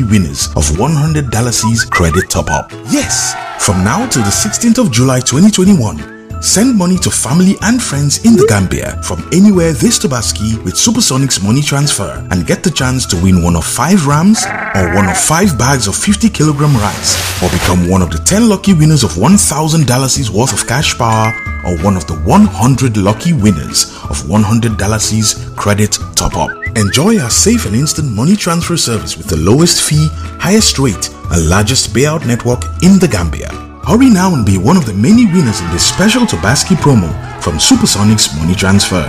lucky winners of $100 credit top up. Yes, from now till the 16th of July 2021, Send money to family and friends in the Gambia from anywhere this Tobaski with Supersonics money transfer and get the chance to win one of 5 rams or one of 5 bags of 50 kilogram rice or become one of the 10 lucky winners of $1000 worth of cash power or one of the 100 lucky winners of $100 credit top up. Enjoy our safe and instant money transfer service with the lowest fee, highest rate, and largest payout network in the Gambia. Hurry now and be one of the many winners in this special Tobaski promo from Supersonics Money Transfer.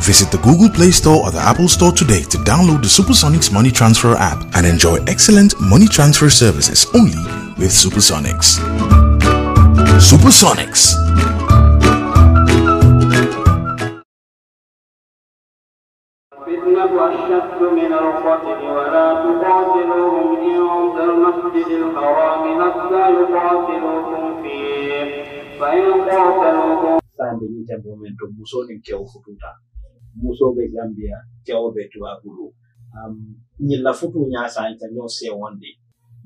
Visit the Google Play Store or the Apple Store today to download the Supersonics Money Transfer app and enjoy excellent money transfer services only with Supersonics. Supersonics أشد من القتل ولا تقاتلوهم عند المسجد الحرام حتى يقاتلوكم فيه فإن قاتلوكم sande fututa gambia um, futu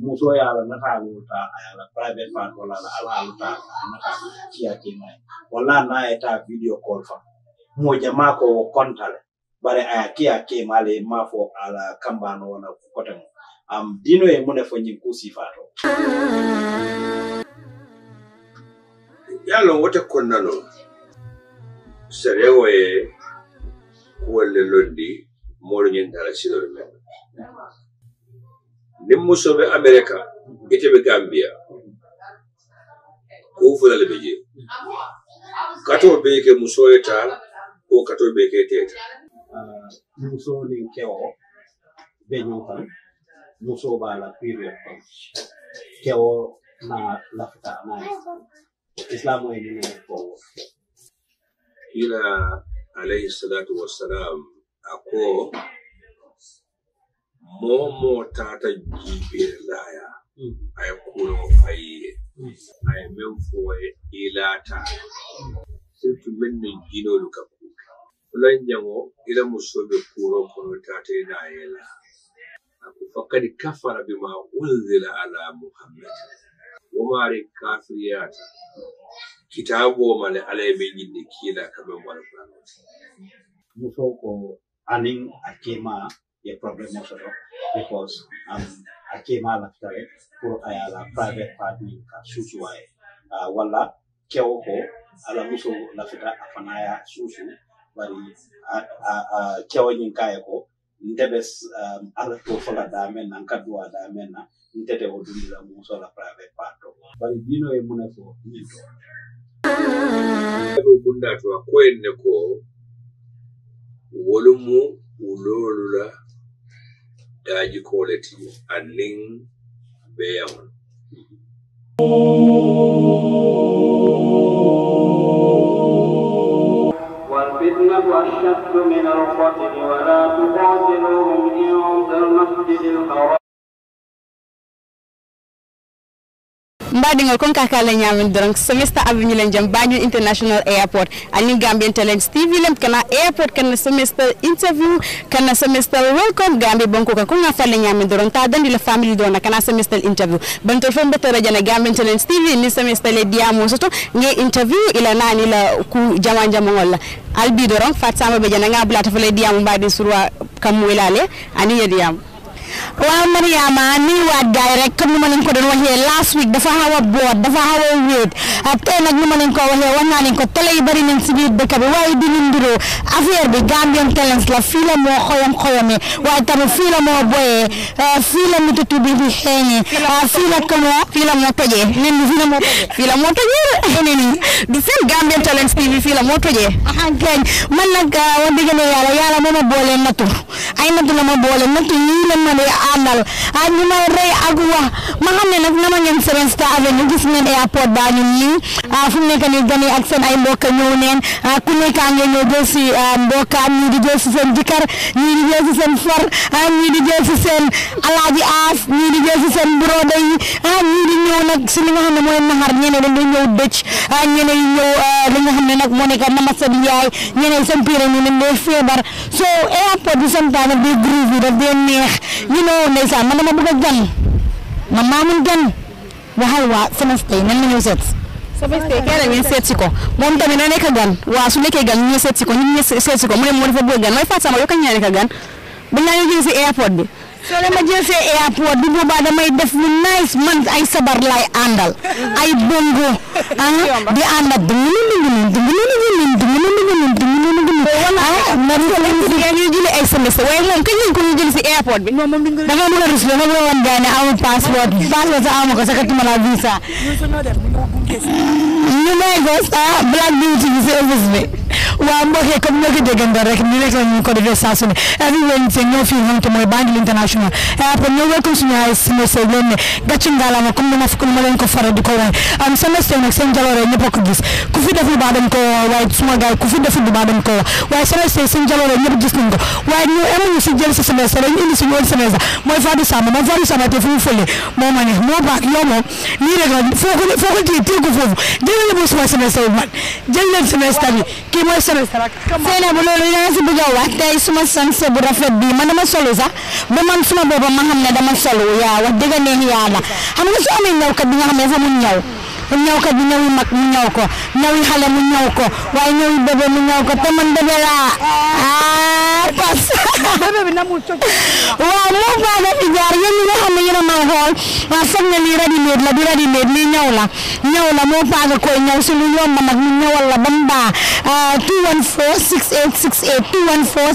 muso yaala nataaluta ayala private part walala alaaluta nata fiyakimay walla na eta video call fa mo jama kontale bare aya ke a ke male ma fo ala kambano wona kote mu am dino e mune fo nyin kusi fato lo wote konnalo serewo e kuwolle londi moolu ñin dara sidol men nin musoɓe america be gambia ko fulale ɓe je kato beke musoye ta ko kato beke teta musonin kewo be ñoo kan musoo b'a la period kewo na e ni ila alayhi salatu wassalam ako moo tata taata jiibeere laaya a fayiye surtout fulanjaŋo ila musoo be kuuroo kono taata i naa ye la kafara bima unzila ala muhammad womaari kafiriyaata kitaaboo ma ala ye be ñinni kiila kamen walkuranoti musoo ko aniŋ a keemaa ye problème o because um, a keemaa lafita le pour la private part ka suusuwaa ye uh, kewo ko ala musoo lafita a fanaŋ ye bari uh, uh, uh, kewoñin kaye ko nteɓe um, alato fola na nka kaduwa damen na ntete wo dumila mum sola prave patto bari dino e mune ko ñinto bunda to a koyenne ko wolumu wulolula daji koleti annin beyawon Oh mm-hmm. أشد من القتل ولا تقاتلوهم عند المسجد الحرام mbaɗigol kon ka kala ñamen donc semestre avenue len jaam bañol international airport ani gambien talents tv lem kana airport kana semestre interview kana semestre welcome gambe bonko ka kon falle ñamen donc ta dandi la famille do kana semestre interview banto fo mbete rajana gambien talents tv ni semestre le diamo soto nge interview ila nani la ku jama jama ngol albi do rong fat sama be jana nga bulata fo le diamo mbadi surwa kam welale ani yediam waaw Mariama nuyuwaat gaay rek comme ni ma leen ko doon waxee last week dafa xaw a dafa xaw a wéet ah, tey nag ni wax naa leen ko télé yi bëri nañ si biir bi waaye di ñu ndiroo affaire bi Gambian Talents la fii la moo xoyam xoyame waaye tamit fii la moo boyee ah, fii la mututu bi bi xeeñee fii la ah, kamo fii la moo tojee nen ni fii la moo tojee fii la moo tojee ene ni du seen Gambian Talents TV fii la moo ay nattu la ma boole nattu la ma àndal ah ñu may rey ak wax ma xam ne nag nama ngeen Seven Star Avenue gis ngeen airport baa ñu nii ah, fu mu nekk nii gan seen ay mbokk ñëw neen ah, ku nekk nga ñëw jël si ah, mbokk ñii di jël si seen jikar ñii di jël si seen far ñii di jël si seen alaaji aas ñii di nag si ne mooy naxar ñeneen dañu ne nag moo nekk mama seen yaay ñeneen seen pire feebar so airport bi sometimes day groove yi daf dee neex léegi loolu ndeysaan man dama bëgg a gan man maa mun gan waxal waa semence tey nan la ñëw seet. semence tey kay ko moom tamit na nekk gan waa su nekkee gan ko ñu ngi seet si ko mu ne ma dafa bëgg gan mooy Fatou Samba yow kañ la nekk gan bañ laa ñëw jëlee si airport bi. soo leen ma jël see airport bu boobaa damay def lu nice man ay sabar lay àndal ay bongo ah di ànd ak dungu dungu dungu dungu dungu dungu dungu dungu ah man ñu jëlee ay semestre waaye moom kañ lañ ko ñu jël si airport bi. moom da nga mën a rus la nga mën a wan gars ne amu passeport bi. passeport sax amu ko sax katuma la visa. ñu may gos ah Black Beauty bi service bi waaw mbokk yi comme ñoo ko déggandoo rek ni rek la ko defee saa su ne every Wednesday ñoo fi xam te mooy Banjul International airport ñoo welcome ay semestre leen ne ni ma ni ma leen ko faral di ko waay am semestre nag seen jaloore ñëpp a ko gis ku fi def lu baax waaye suma gars ku fi def ko wax waaye semestre seen mooy Fadou Samba moom Fadou Samba te fu mu fële moo ma ne moo baax yow moom nii rek la foo ko ko foofu jëlee la suma semestre bu mag jël leen bi kii mooy semestre ak. Seynabou loolu si bëgg a wax tey suma sanse bu rafet bii man dama solu sax ba man suma boppam ma xam ne da solu yaa wax dëgg neex yaa la xam nga su amee ñaw kat bi nga xam sa fa mun ñaw. ñawkat bi ñawi mag mu ñaw ko ñawi ñaw ko waaye ñawi ñaw ko te man bébé laa ah pas waaw moom baa nga fi jaar yéen ñi nga xam ne a may xool foog na lii ready made la di ready made lii ñaw la ñaw la moo paa nga koy ñaw si lu yomb nag ñu ñawal la ba mu baax 214 6868 214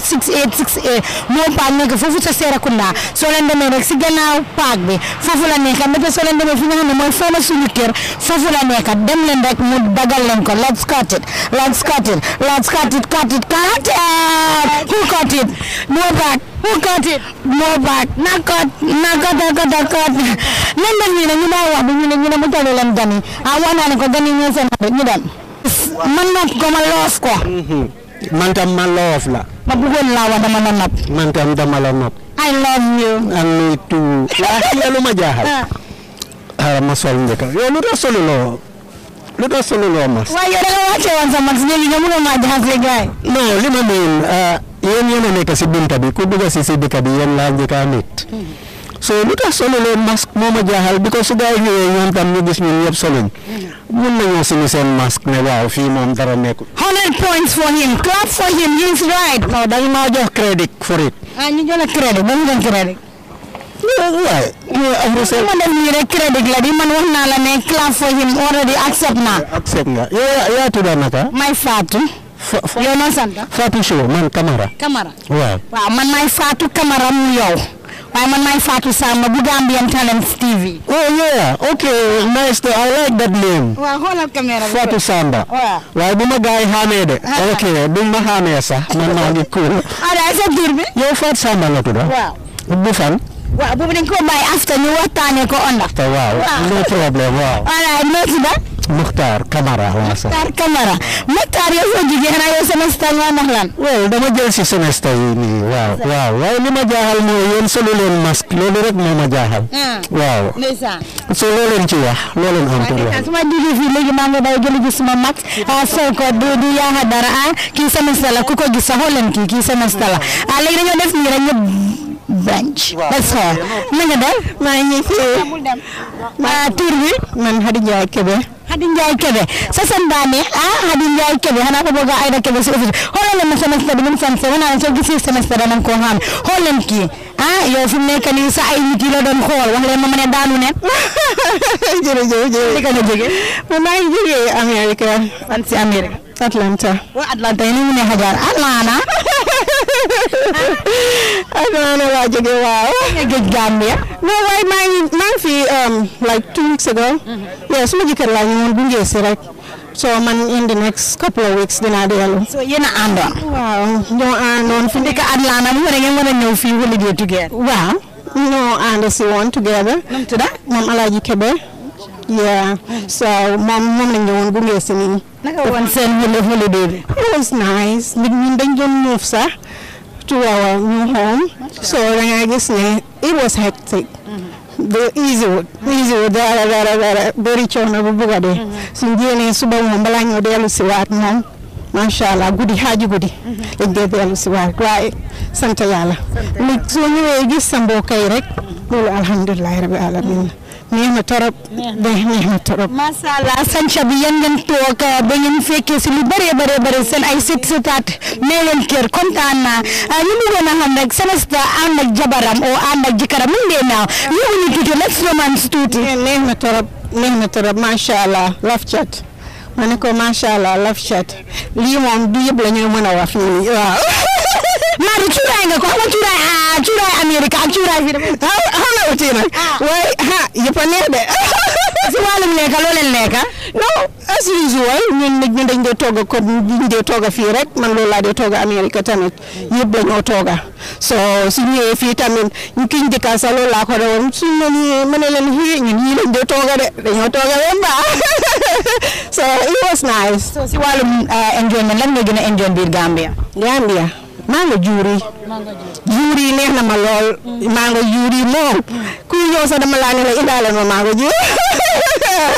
6868 moo paa nekk foofu ca Serekunda soo leen demee rek si gannaaw paak bi foofu la nekk am na soo leen demee fi nga xam ne mooy forma suñu kër foofu fu la nekk dem leen rek mu dagal leen ko let's cut it let's cut it let's cut it cut it cut it who cut it more back who cut it more back na cut na cut na cut na cut leen dem ñu ne ñu daa wax bi ñu ne ñu ne mu tollu leen gani a ah, wax naa ne ko gani ñoo seen ñu dem man nopp ko ma loof ko mhm. man tam ma loof la ma bëggoon laa wax dama la nopp man tam dama la nopp I love you and me too laa xiyaluma jaaxal ah. xaaral ma sol njëkk a yow lu tax soluloo lu tax soluloo mas. waaye yow da nga wàcce woon sa mas léegi nga mënoo maa jaxase gaay. ma ah, a nekk si bunta bi ku dugg si si dëkk bi yéen laa njëkk a nit. so lu la soluloo masque moo ma jaaxal bi ko su gaa yi ñëwee ñoom tam ñu gis ñun ñëpp soluñ mun nañoo ne waaw fii moom dara nekkul. 100 points for him clap for him he is right. maa jox crédit for it. Ah, ñu jox la crédit ba mu doon crédit. waaye ma dem nii rek crédit la di man wax naa la ne clap for him already accept naa accept naa yow yaa tudd naka may Fatou yow noo sant Fatou Sow man Camara Camara waaw waaw man may Fatou Camara mu yow waaye man may Fatou Samba bu Gambian Talents TV oh yeah okay nice to I like that name waaw xoolal caméra Fatou Samba waaye bu ma gaay xamee de ah. okay bu ma xamee sax man maa ngi cool ara ah, sa tur bi yow Fatou Samba la tudd waaw bu fan waaw boobu dañ koo bàyyi askan ñu waxtaanee ko onda. waaw no problème waaw. voilà noo ci da. Muxtaar Kamara waaw sax. Muxtaar Kamara Muxtaar yow soo jugee xanaa yow semestre nga ndax lan. waaw dama jël si semestre yi nii waaw. waaw waaye ma jaaxal mooy yéen solu leen masque loolu rek moo ma jaaxal. Hmm. ci wax loo leen am pour wax. su ma jógee fii léegi maa ngi daw jëli gis sama mag sol ko du du yaaxa dara ah kii semestre la ku ko gis sax xool leen kii kii semestre la ah léegi dañoo def nii rek branch. that's all na nga def maa ngi fi maa tur bi man Khady Ndiaye Kébé. Khady Ndiaye Kébé sa san daa neex ah Khady Ndiaye Kébé xanaa ko bëgg a Aida Kébé si office xoolal ma semestre bi ni mu sant sama naa soo gisee semestre koo xam xool ah, nekk nii sa ay nit yi ma ma ne daanu ne. jërëjëf jërëjëf li ka nga jógee. man maa ngi jógee ah, Atlanta. waa a a a maanaam waa jóge waaw. nga géej Gambia. non waaye maa fi um, like two weeks ago. Mm-hmm. yes suma jëkkër laa ñëwoon gunge si rek. so man in the next couple of weeks dinaa dellu. so yéen a àndoon. waaw ñoo àndoon fi nekk Atlanta ne ngeen mën a ñëw fii holiday together. waaw ñoo ànd si woon together. moom Alaaji Kebe. yeah so moom moom la ñu ñëwoon bu ngeen si nii. naka woon seen it was nice nit ñi dañ doon move sax to our new home. so da ngaa gis ne it was hectic. de mm-hmm. easy wood easy wood dara dara dara bëri coono bu bugg a dee mm-hmm. suñ suba moom balaa ñoo dellu si waat moom macha allah guddi xaaju guddi mm-hmm. dañ dee dellu si waat waaye sant yàlla li soo ñëwee gis sa mbokk yi rek loolu alhamdulilah rabbi alamin neex na torop neex na torop macha bi yan ngeen toog ah, ba ngeen fekkee si lu bëree bëree bëri ay sët sëtaat nee leen kër kontaan naa ah, ñu bëggoon a xam rek Semester ànd ak jabaram o ànd ak jëkkëram mu ngi naaw ñu ñu tuuti let's tuuti neex na torop allah love chat ma ne ko chat lii moom du la ñuy mën a wax Maodo cuuraay nga ko xam nga cuuraay ah cuuraay Amérique ak cuuraay fii dafa. xaw xaw na uti nag. waaye ah a si wàllum lekk loo leen lekk non as fii rek man loolu laa dee togg Amérique tamit yëpp dañoo togg so su ñëwee fii tamit ñu kiñ dëkkal sa loolu laa ko doon su ma nii ma ne leen fii ñun ñii lañ dee de dañoo togg même ba so it was nice. so si wàllum enjoyment eh, lan nga gën a enjoy biir Gambia. Gambia. mango juur yi juur yi neex ma lool mm. mango juur yi moom kuy ñëw sax dama laa ne la indaale ma mango juur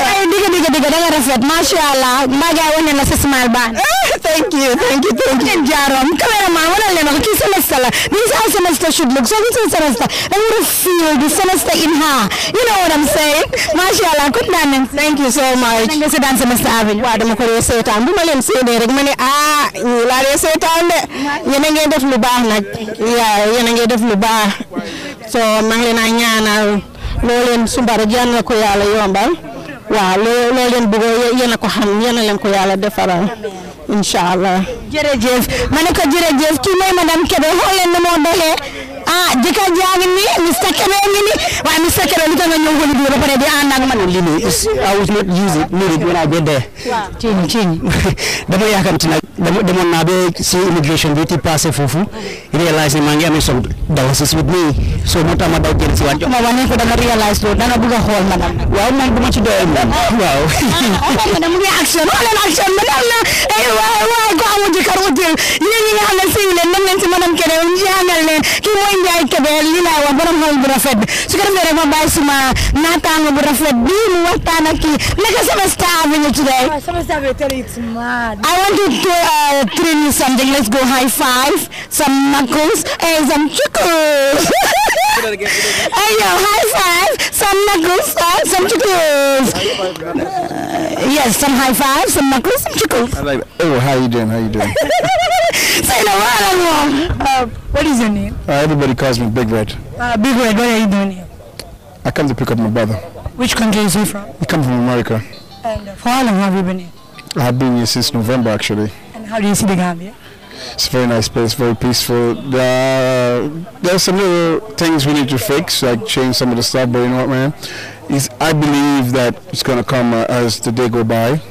ay digga digga digga rafet macha allah mbaa jaay wane na sa thank you thank you thank you. jaaroom cameraman wala leen wax kii semester la this is how semester should look so this is semester da nga war a feel the semester in her you know what I'm saying macha allah kontaan nañ thank you so much. na nga si daan semester avenue. waaw dama ko dee seetaan bu ma leen séenee rek ma ne ah ñu laa dee seetaan de yéen a ngeen def lu baax nag waaw yéen a ngeen def lu baax so maa ngi leen a ñaanal loo leen sumbar jaan na ko yàlla yombal waaw loo leen bëgg yéen a ko xam yéen a leen ko yàlla defaral. incha allah. jërëjëf ma ne ko jërëjëf kii mooy madame Kébé xool leen moo doxee ah jëkkër jaa ngi nii Mr Kébé waaye Mr Kébé li tax nga ñëw wële bii di ànd ak man. lii nii I was not use it, need it when I get there. waaw ciñ ciñ demoon naa ba si immigration bi ti passé foofu réalise ne maa ngi amee soog daw si suut nii soo moo tax ma daw jël si waat ma wax ne ko dama réalise loolu danga bëgg a ma ci ah, ngi action ma eh, ne sëy si madame Kébé ñu xamal kii mooy Njaay Kébé li laa wax borom xol bu rafet bi su ko rek ma bàyyi suma naataango bu rafet bi mu waxtaan ak kii naka sama star bi ñu tuddee sama I want to uh, thrill you something. Let's go high five, some knuckles, and some chuckles. Hey yo, high five, some knuckles, uh, some chuckles. Uh, yes, some high five, some knuckles, some chuckles. I like that. Oh, how you doing? How you doing? Say no, I don't know. Uh, what is your name? Uh, everybody calls me Big Red. Uh, Big Red, what are you doing here? I come to pick up my brother. Which country is he from? He comes from America. And uh, for how long have you been here? I've been here since November, actually. How do you see the Gambia? It's a very nice place, very peaceful. Uh, there are some little things we need to fix, like change some of the stuff, but you know what, man? It's, I believe that it's going to come uh, as the day go by,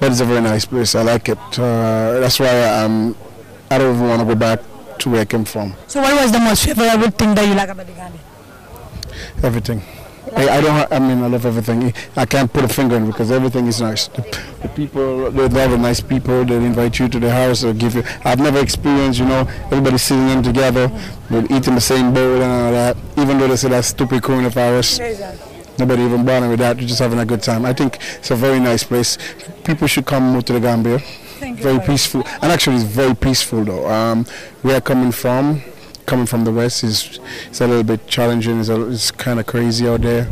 but it's a very nice place. I like it. Uh, that's why I'm, um, I don't even want to go back to where I came from. So what was the most favorable thing that you like about the Gambia? Everything. I, I, don't. I mean, I love everything. I can't put a finger in because everything is nice. The, the people, they're, they're nice people. They invite you to their house or give you. I've never experienced, you know, everybody sitting in together, but eating the same bowl and all that. Even though they say that stupid coronavirus. Nobody even bothered with that. You're just having a good time. I think it's a very nice place. People should come more to the Gambia. Thank very you. peaceful. And actually, it's very peaceful though. Um, where coming from, coming from the west is it's a little bit challenging. It's, it's kind of crazy out there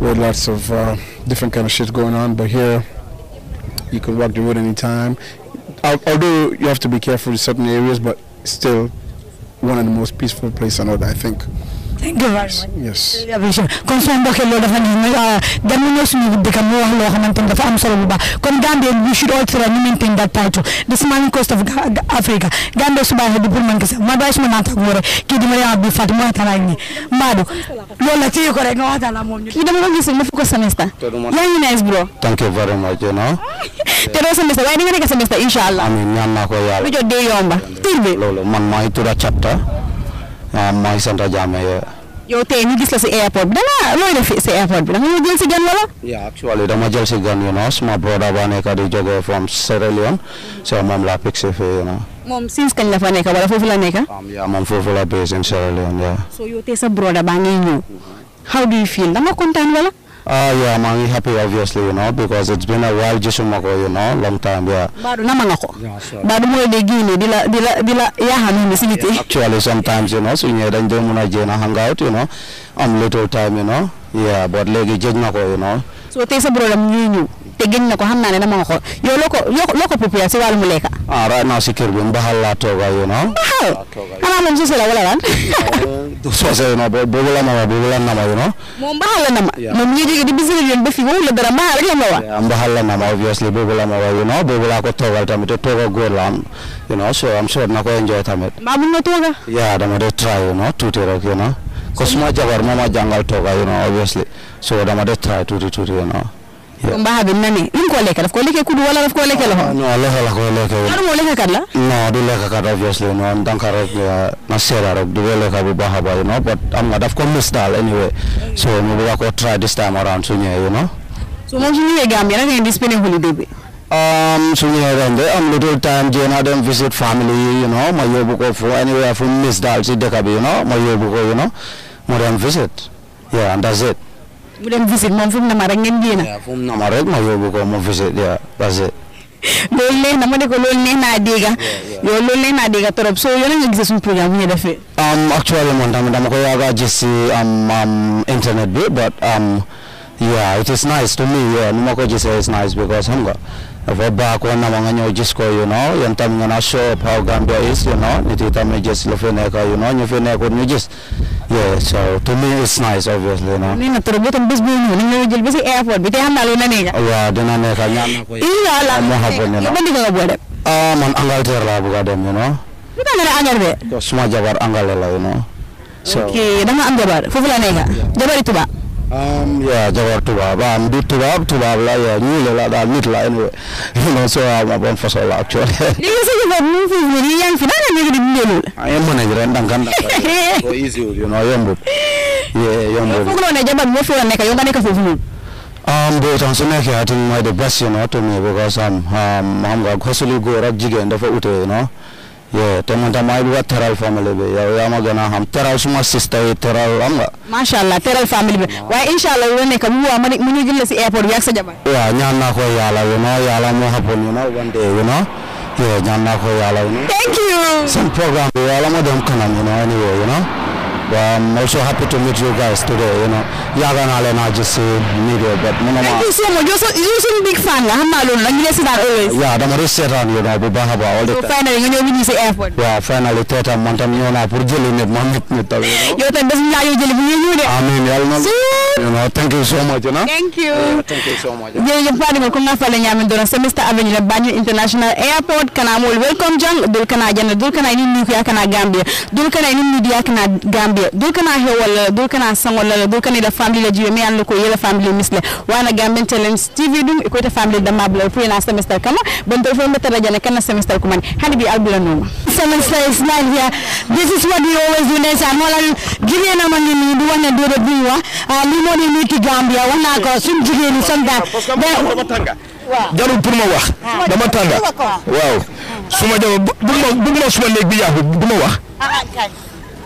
with lots of uh, different kind of shit going on. But here, you can walk the road anytime. Although you have to be careful in certain areas, but still one of the most peaceful places on earth, I think. thank you very much yes kon soo mbokkee loolu dafa nii gan mu ñëw suñu dëkk mu wax loo xamante ni dafa am solo bu baax kon Gambia we should all try to maintain that title the smiling coast of Africa Gambia suba di pour man kese ma doy suma naan tak kii di ma yaa bi Fatou semester yaa nice bro thank you man maa ngi tudd waaw maa ngi sant jàmm yow tey ñu gis la si airport bi da nga looy def si airport bi da jël si gan wala. yeah actually dama jël si gan you know suma brother ba nekk di jóge from Sierra so moom laa picc fii you know. moom since kañ la fa nekk wala foofu la nekk. Um, moom foofu la base in Sierra so yow tey sa brother baa ngi ñëw how do you feel da kontaan wala. Uh, yeah, I'm happy obviously, you know, because it's been a while jisumako, you know, long time, yeah. Bado namanga ko. Bado mo de gini dila dila dila ya hanu vicinity. Yeah, actually sometimes, you know, so you don't muna jena hang out, you know. little time, Yeah, but legi jejna ko, you know. So tesa brother you. te génn na ko xam naa ne dama nga xool yow loo ko loo ko prépare si wàllum lekk. ah right now si kër bi mbaxal laa tooga you know. mbaxal xanaa la wala lan. soose you la nama boobu la nama la nama. moom la nama obviously boobu la ko toogal tamit te tooga góor la am you so am sure na ko enjoy tamit. mbaa mun nga tooga. yaa dama de try you know tuuti ko suma jabar moo ma jàngal tooga you obviously so dama de try tuuti tuuti you kon baaxa gën na ne li mu ko wala daf ko lekkee loxo. non loxo la ko lekkee. xaru moo lekkakat la. non du obviously non danka rek uh, na seera rek du bu baax a baax you know but am nga daf ko miss daal anyway mm. so mu bëgg try this time around su you know. so moom su Gambia naka ngeen di holiday bi. Um, so yeah, um little time Jane them visit family, you know, my yobuko for anywhere from Miss Dalsy Dekabi, you know, my yobuko, you know, more than visit. Yeah, and that's it. mu dem visite moom fu mu rek ngeen jéem a. waaw fu ma rek ko ma visite waaw parce que. loolu neex na ma ne ko loolu neex naa dégg yow loolu neex naa dégg trop so yow la nga gisee suñu programme bu ñu defee. Um, actuellement moom tamit dama ko yàgg a gis si um, um, internet bi but yeah it is nice to me yeah nu ma ko gisee it's nice because xam nga. go back on mga nyo just ko you know yung time nga na show how Gambia is you know nitita me just lufine ka you know nyo fine nyo jis. yeah so to me it's nice obviously you know ni na turbo tan bis bin ni jil bis airport bi tan na na ne ga yeah dina ne ka nyama iya lah. mo ha bon no bandi ga bo de ah man angal ter la bu dem you know lu ka na angal be suma jabar angal lah, you know so okay dama am jabar fofu la jabar itu ba Um, yeah, Jaguar Tubab. I'm big Tubab, Tubab, like, yeah, new level, that mid line, you know, so I'm a born for solo, actually. Do you say you were moving with the young for that, and you didn't do it? I am manager, and I'm going to go easy, you know, young Yeah, young book. You're going to go to the young book, you're going to um, but on some I think my the best, you know, to me because I'm um, I'm going to go to the jig end of it, you know. yee te man tam maa ngi bëgg a teral famille bi yow yaa gën a xam teral suma sista yi teral am nga. macha allah teral famille bi waaye incha allah yow ne mu ñu jël la si airport bi ak sa naa ko yàlla you know yàlla moo xapoon you know one day you know yee ñaan naa ko yàlla you know. thank you. seen programme bi yàlla ma kanam you know anyway you know. But I'm also happy to meet you guys today, you know. yàgg naa leen a gis media but mu ne ma. thank you so much yow suñu big fan nga xam naa loolu la ñu leen seetaan always. waaw dama doon seetaan you know bu baax a baax all the time. so finally nga ñëw bi ñu si airport. waaw finally tey tam man tam ñëw naa pour jëli nit ma nit nit tam. yow tam bés nga yow jëli bu ñu ñëw de. amiin yàlla na. you know thank you so much na. thank you thank you so much. jërëjëf Fadima comme naa fàlle ñaamin doon semester avenue la Banjul international airport kana mool welcome jang dul kana jana dul kana ni nuyu yaa kana Gambia dul kana ni nuyu yaa kana Gambia gambia dul kana hewolla dul kana sangollala dul kana ila famille la jiwe mi anla ko e koyta famille kana semestre kumani hani bi albula noma semestre is not here this is what we always do next and wala jigéen dama tànga waaw ah. suma jabar bu ma suma néeg bi yàqu du ma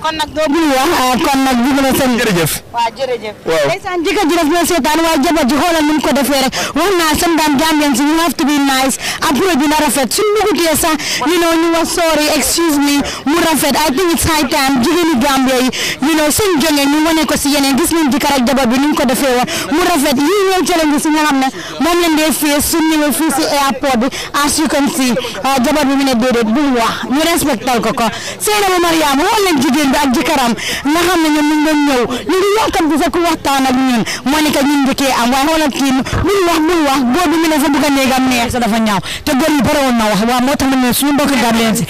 kon bul wax kon nag na seen. jërëjëf waaw jërëjëf. waaw ndeysaan ji daf lay waaye jabar ji xoolal nu ko defee wax naa seen daan Gambian si you have to be nice approche na rafet suñu nu ko tee sax you ñu wax sorry excuse me mu rafet I think it's high time jigéenu Gambia yi you know seen jonge ñu wane ko si yeneen gis nañu jëkkër ak jabar bi ni ko defee woon mu rafet yii ñëw challenge si nga xam ne moom lañ dee fii suñu ñëwee fii si airport bi as you can see ah, jabar bi mu ne déedéet bi ak jëkkëram nga xam ne ñoom ñu ngi doon ñëw ñu ngi waxtaan bu fekk waxtaan ak ñun moo ne que ñun njëkkee am waaye xoolal kii bul wax bul wax góor bi mu ne sa bëgg a néegam neex sa dafa ñaaw te góor yi bare woon na wax waaw moo tax nañ ne suñu mbokk gambien si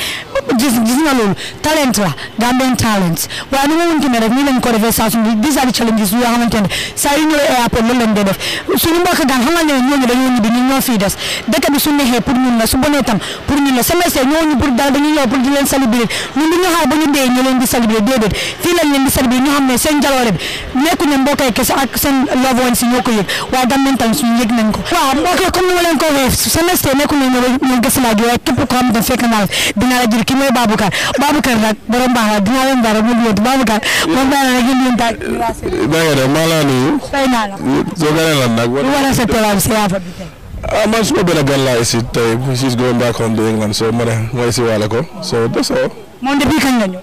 gis gis nga loolu talent la gambien talent waaye nu ma mën ki ne rek nii lañ ko defee saa suñu di saa di challenges yoo xamante ne saa yu ñëwee airport loolu lañ dee def suñu mbokk gaan xam nga ne ñooñu dañoo ñibbi ñun ñoo fii des dëkk bi su neexee pour ñun la su bonee tam pour ñun la semestre ñooñu pour daal dañuy ñëw pour di leen saluer ñun du ñu xaar ba ñu dee ñu leen di saluer bi déedéet fii lañ leen di sat bi ñu xam ne seen jaloore bi nekku ne mbokkee kese ak seen lovon si ñoo ko yëg waaye dam nañ tam suñu yëg nañ ko waaw mbokkee comme ni ma leen ko waxee Semester nekku ne ñu gëstu laa joxe képp ko xam ne fekk naa dinaa la jël ki mooy Baboucar Baboucar nag borom baax la dinaa leen baara mu yóotu Baboucar moom daal rek yéen daal danga def maa laa nuyu fay naa la soo gënee lan nag wala sa tolaam si yaa fa bi tey ah man suma benn gan laa ici tey she's going back home to England so ma ne ma ici waale ko so that's all moom depuis kañ la ñëw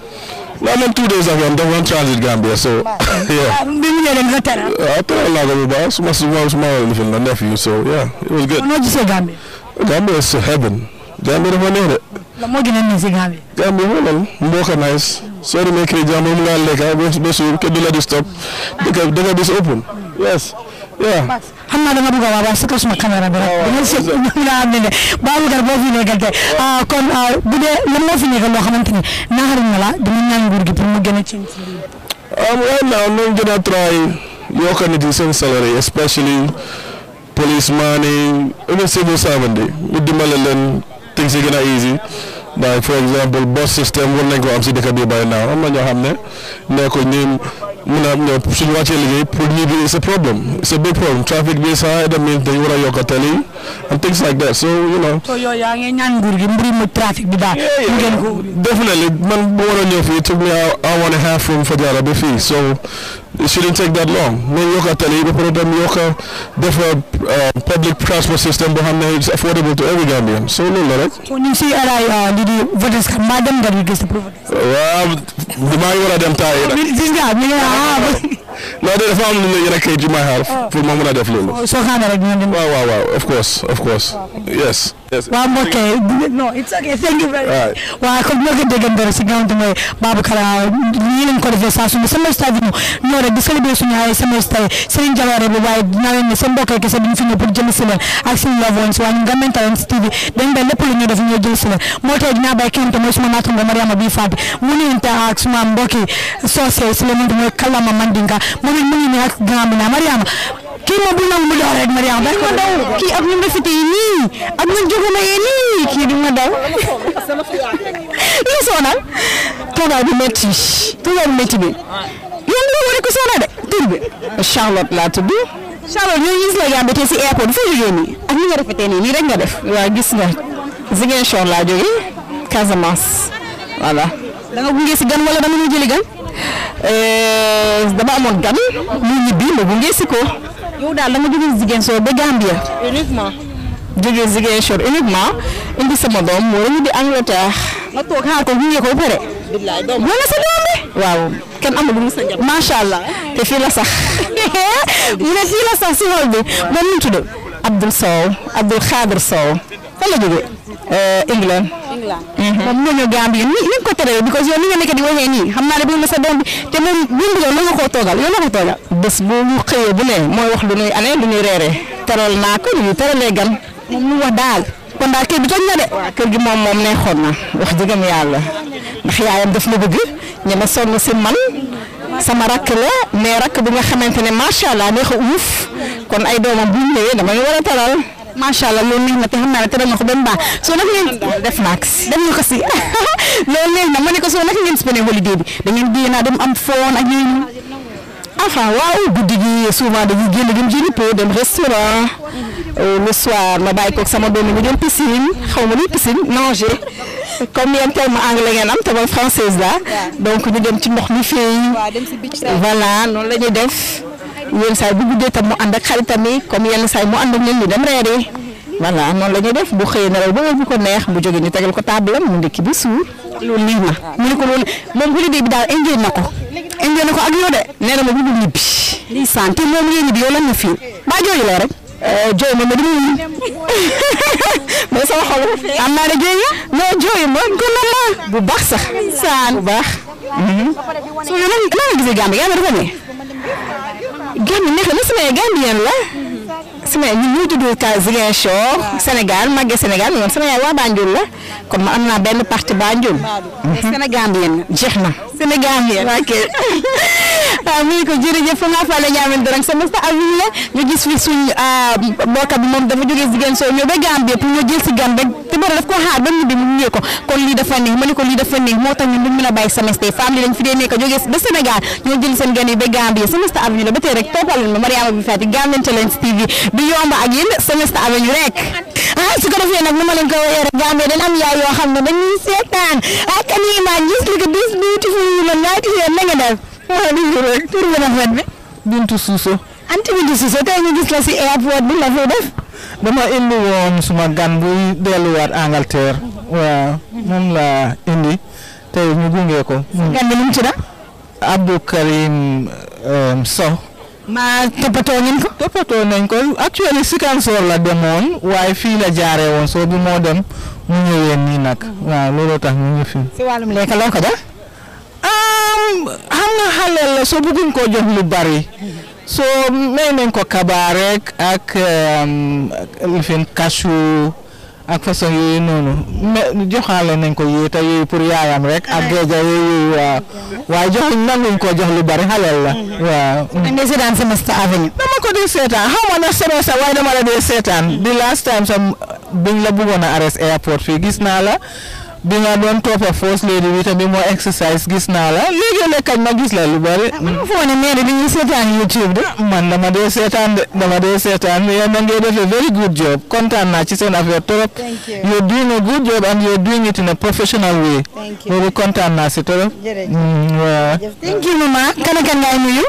naa leen two days avion def one transit Gambia so yeah ah, bi mu ñëwee nga teral waaw teral naa ko bu baax suma suma suma wala lifin la nephew so yeah it was good Gambia Gambia heaven Gambia dafa neex de moo gën a Gambia Gambia mboka nice soo demee kër jàmm mu ngaa lekka ah, ba suur kenn du la di stop dëkk open waaw xam naa dama bëgg a waaw surtout suma caméra bi rek. Oh, dama seet laa am ne ne boo fi nekkal tey oh. ah, kon ah, bu dee lan moo fi nekkal loo xamante la mu gën a ci. Um, right now nañ gën a try yokk nit yi seen salary especially policeman yi even civil servant yi ñu dimbale leen things yi gën a easy like for example bus system war nañ ko am si dëkk bi by now am na ñoo xam ne nekkul ñun. mu a ñëw suñu wàccee liggéey pour ñi bi c'est problem c'est big problem trafic bi sax it means dañu war a yokk tali yi and things like that so you know. so yow yaa ngi ñaan nguur gi mbiri mu trafic bi daal. ngeen definitely man bu a ñëw fii took me hour and a half from Fajara bi fii so. it shouldn't take that long loolu yokk a tali ba pare dem a def euh, public transport system boo xam ne it's affordable to every Gambian so loolu la rek. kon ñu si alay li euh, di voters xam maa dem nga di gis. waaw maa ngi war a dem taay. non de dafa am lu ñu rek ci my half ah. pour ma a def oh, soo xaamee rek ñu waaw waaw waaw of course of course. yes. waaw mbokk yi non it's okay thank you very much. waaw comme ñoo ko déggante rek si nga xamante mooy Baboucarr lii ah, lañ ko defee saa su ne Semester Stars bi ñëw rek di célébrer suñu ay Semester Stars yi seen jaloore bi waaye dinaa leen ne si leen ak seen loved ones waaye ñun Gambian Talents TV dañ bay lépp lu ñu def ñoo jël si leen moo tax dinaa bay kenn te mooy suma naataango Mariama bii Fatou mu nuyonte ak suma mbokk yi soosee moom it mu ngi ak grand bi naa Mariama kii moom bu nangu mu daw rek Mariama ba ma daw kii ak ñu rafet nii ak ñu jóguma kii du daw lu soonal toogaay bi métti bi métti bi nga war a ko soonal de tur bi Charlotte laa tudd Charlotte yooyu gis la Gambie te si airport foo jógee nii ak ni nga rafetee rek nga def waaw gis nga Ziguinchor laa jógee Casamance voilà da nga gan wala dama ñu jëli gan Euh, dama amoon gan mu ñibbi ma gunge si ko yow daal dama jógee Ziguinchor ba Gambia uniquement jógee Ziguinchor uniquement indi sama doom moo ñibbi Angleterre nga toog xaar ko gunge ko pare wala sa doom bi waaw kenn amul lu sa njaboot macha allah te fii la sax mu ne fii la sax si xol bi mu tudd Abdoul Sow Abdoul Khadir Sow fan la jógee. Euh, England. England mhm. moom ñoo ñëw Gambie ni ñu ko teree because yow ni nga nekk di waxee nii xam naa ne bëgg na sa doom bi te moom bu mu la nga koo toogal yow la mooy wax lu nuy anee lu nuy reeree. teral naa ko gan. moom mu wax daal. kon daal kër gi toj gi moom moom neexoon na wax dëggam yàlla ndax yaayam daf ma bëgg ñu ne sonn si man sama rakk la mais rakk bi nga xamante ne macha allah neex a uuf kon ay doomam bu ñu ñëwee dama war a teral macha allah loolu neex na te xam naa ne tëral na ko ba mu baax soo naka ngeen def naa ko si def nga ko si loolu neex na ma ne ko soo naka ngeen spendé holiday bi da ngeen génn dem am foon ak yooyu enfin waaw guddi gi souvent dañuy génn dem jëli po dem restaurant euh, le soir ma bàyyi koog sama doom mu dem piscine xaw ma luy piscine nager comme yéen terme anglais ngeen am te man française la donc ñu dem ci ndox mi fii voilà noonu la ñuy def. yenn saay bu guddee tam mu ànd ak xaritam yi comme yenn saay mu ànd ak ñun ñu dem reeri voilà noonu la def bu xëyee nelaw bu ko neex bu jógee ko taabalam mu ndekki bi suur loolu neex na mu ne ko loolu moom holiday bi daal indil na ko indil na ko ak na ma bëggul ñibbi lii sant moom ngeen ñibbi yow lan nga fii eh, ma ma dama am naa ne jooy ma jooy ma gën a bu baax sax sant bu baax mhm. soo yow lan nga gisee Gambie yaa ma dafa ne Gambie nekk na sama Gambien la sama ñun ñu tudd ka Ziguinchor Sénégal màggee Sénégal man sama yaay waa Banjul la kon ma am naa benn parti Banjul. Sénégambien jeex na. Sénégambien ok waaw ah, mu ngi ko jërëjëf Mame Fallé Niang Dorang sa masta avis la ñu suñ ah, mbokk moom dafa jógee Ziguinchor ñëw ba Gambie pour ñu jël si te bari daf ko xaar ba mu bi mu ñëw ko kon lii dafa neex moo tax ñun duñ mën a bàyyi semestre famille lañ fi dee nekk ñoo jël seen gan Gambie semestre avenue la ba tey rek toppal ma Mariama bi Fati Gambian Talents TV bi yomba ak yéen avenue rek ah su ko defee nag nu ñu lan ñaati yéen na nga def waaw li ñu rek tur bi rafet bi Bintu Suso anti Bintu Suso tey ñu gis la si airport bi la fay def dama indi woon suma gan buy delluwaat Angleterre waaw moom la indi tey ñu gunge ko gan bi nu mu tudd Abdou Karim euh, Sow ma toppatoo ngeen ko toppatoo nañ ko actually Sikansoor la demoon waaye fii la jaaree woon soo bi moo dem mu ñëwee nii nag mm-hmm. waaw looloo tax ñu ngi fi si wàllum lekk loo ko jox xam nga ko la jox lu bari so may nañ ko kabaa rek ak lifin kasu ak façon yooyu noonu mais joxaale nañ ko yooyu te yooyu pour yaayam rek ak géeja yooyu waaw waaye joxuñ nanguñ ko jox lu bari xaleel la waaw. dama seetaan Semester Avenue. dama ko dee seetaan xaw ma ne semester waaye dama la dee seetaan di last time sam biñ la bëggoon a arrest airport fii gis naa la. bi nga doon toppa first lady bi tamit moo exercise gis naa la léegi-léeg kañ ma gis la lu bari. ah man ma foog ne mère bi ñu seetaan YouTube de. Ah, man dama dee seetaan de dama dee seetaan mais ma ngi def a good job kontaan naa ci seen affaire trop. thank you you're doing a good job and you're doing it in a professional way. you loolu kontaan naa si trop. Mm, you mama kan ak kan ngay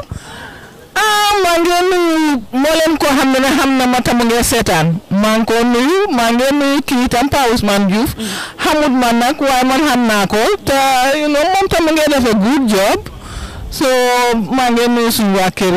ah maa ngi nuyu mboolem ko xam ne xam na ma tam ngeen seetaan maa ngi ko maa ngi nuyu kii itam Pa Ousmane Diouf xamut ma nag waaye man xam naa ko te you know moom tam ngeen def a waa kër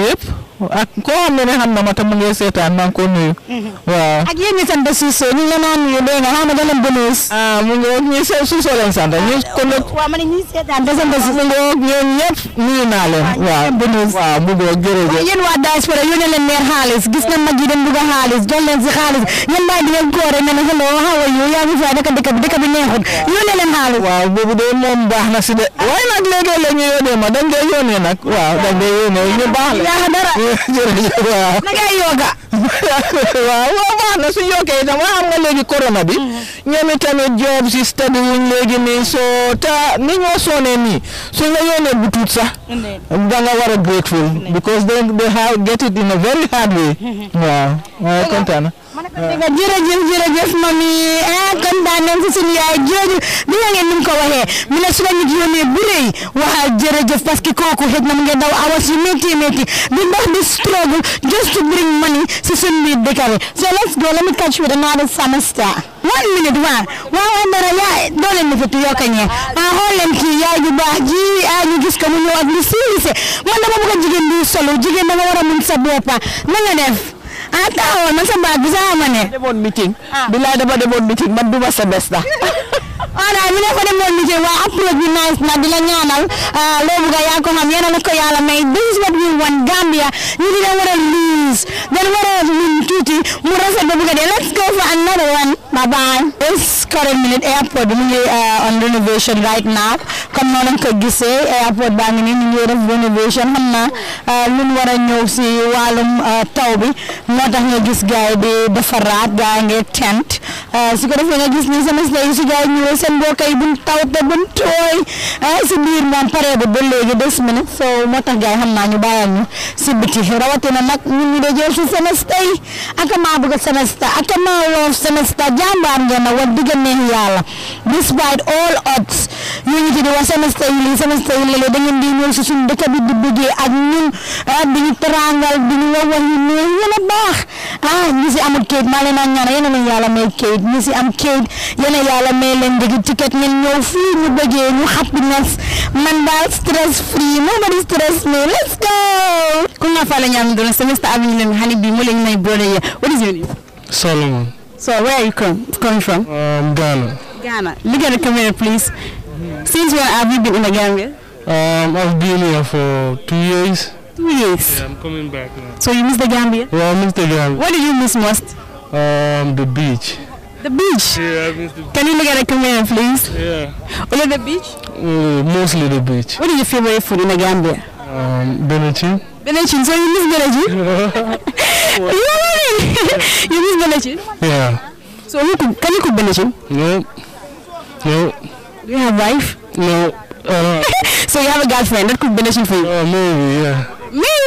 ak koo xam ne xam na ma te mu ngi seetaan maa ngi ko nuyu. Mm-hmm. waaw ak yéen ñi sant Suso ñu ngi la naan nuyu dégg nga xam nga leen bonus. ah mu ngi woon ñi Suso leen sant ñu ah, ko nag. waaw man ñi seetaan te sant Suso nga woon ñoom ñëpp nuyu naa leen. Ah, waaw bonus waaw mu ngi woon jërëjëf. waaw yéen waa diaspora yónnee leen meer xaalis gis na mag yi dañ bëgg a xaalis jox leen si xaalis yéen maa ngi leen góore nga ne hello how are you yaa ngi fi dëkk dëkk bi dëkk bi neexut yónnee leen xaalis. waaw boobu de moom baax na si de ah. waaye nag léeg-léeg la ñu yónnee ma dañ dee yónnee nag waaw dañ dee yónnee ñu baax la jërëjëf waaw. na ngay yooga. waaw waaw baax na su yokkee itam waaw am nga léegi corona bi. Mm-hmm. ñoom itamit job si stade wuñ léegi nii ta ni ñoo soonee nii suñ la yónnee bu tuut sax. da nga a grateful. because they get it in a very hard way. Mm-hmm. jërëjëf jërëjëf mami ah eh, kon daan nañ si suñu yaay jooju bi nga ngeen ni ko waxee mu ne su la nit yónnee bu rëy waxal jërëjëf parce kooku xëj na mu ngi daw awas yu métti métti bi ndox di struggle just to bring money si suñ biir dëkkare so let's go let me catch you with another summer star one minute waa waaw Andara yaa doo leen nëfatu a ñëw ah yaay ju baax ji ah ñu gis ko mu ñëw ak lu siilise man dama bëgg a jigéen bi solo jigéen dama a mun sa bopp na nga ah taxawal man sa baat bi sax ma ne. demoon meeting. Ah. bilaa dama demoon meeting man du ma sa bés la. voilà mi ne ko demoon meeting waa approche bi nice na di la ñaanal ah, loo bëgg a yaa ko xam yéen a la ko yàlla may this is what we want Gambia ñu ngi leen war a lose dañ war a lim tuuti mu rafet ba bëgg a dee let's go for another one bye bye. this current minute airport bi mu ngi ah, on renovation right now comme noonu lañ ko gisee airport baa ngi nii ñu ngi def renovation xam naa lu mu war a ñëw si wàllum taw bi. moo tax nga gis gaay di defaraat gaay ngi tent euh, su ko defee nga gis ni semestre yi su gaay ñëwee seen mbokk yi buñ taw te buñ tooy euh, si biir moom pare bu ba léegi des minutes so moo tax gaay xam naa ñu bàyyi ñu si biti rawatina nag ñun ñu de jël si semestre yi ak maa bëgg semestre ak maa loof semestre jàmbaar ngeen na wax da ngeen di ñëw si suñu dëkk bi ak ñun euh, di ñu teraangal di ñu wax wax ñu neex yéen a baax ah ñi si amul kayit maa leen a ñaan yéen a leen yàlla may kayit ñi si am kayit yéen a stress free nobody stress me let's go. Kunga Fale Nyame Ndola semester avenue leen xale bi mu leen may brother ya Solomon. So where are you come coming from? Um, Since when have you been in um, for two years. Two years. Yeah, I'm coming back now. So you miss the Gambia? Well, I miss the Gambia. What do you miss most? Um, the beach. The beach? Yeah, I miss the beach. Can you look at a camera, please? Yeah. Only the beach? Uh, mostly the beach. What is your favorite food in the Gambia? Um, Benachin. Benachin, so you miss Benachin? you yeah. You miss Benachin? Yeah. So who cook, can you cook Benachin? No. No. Do you have wife? No. Uh, so you have a girlfriend that cook Benachin for you? Uh, maybe, yeah.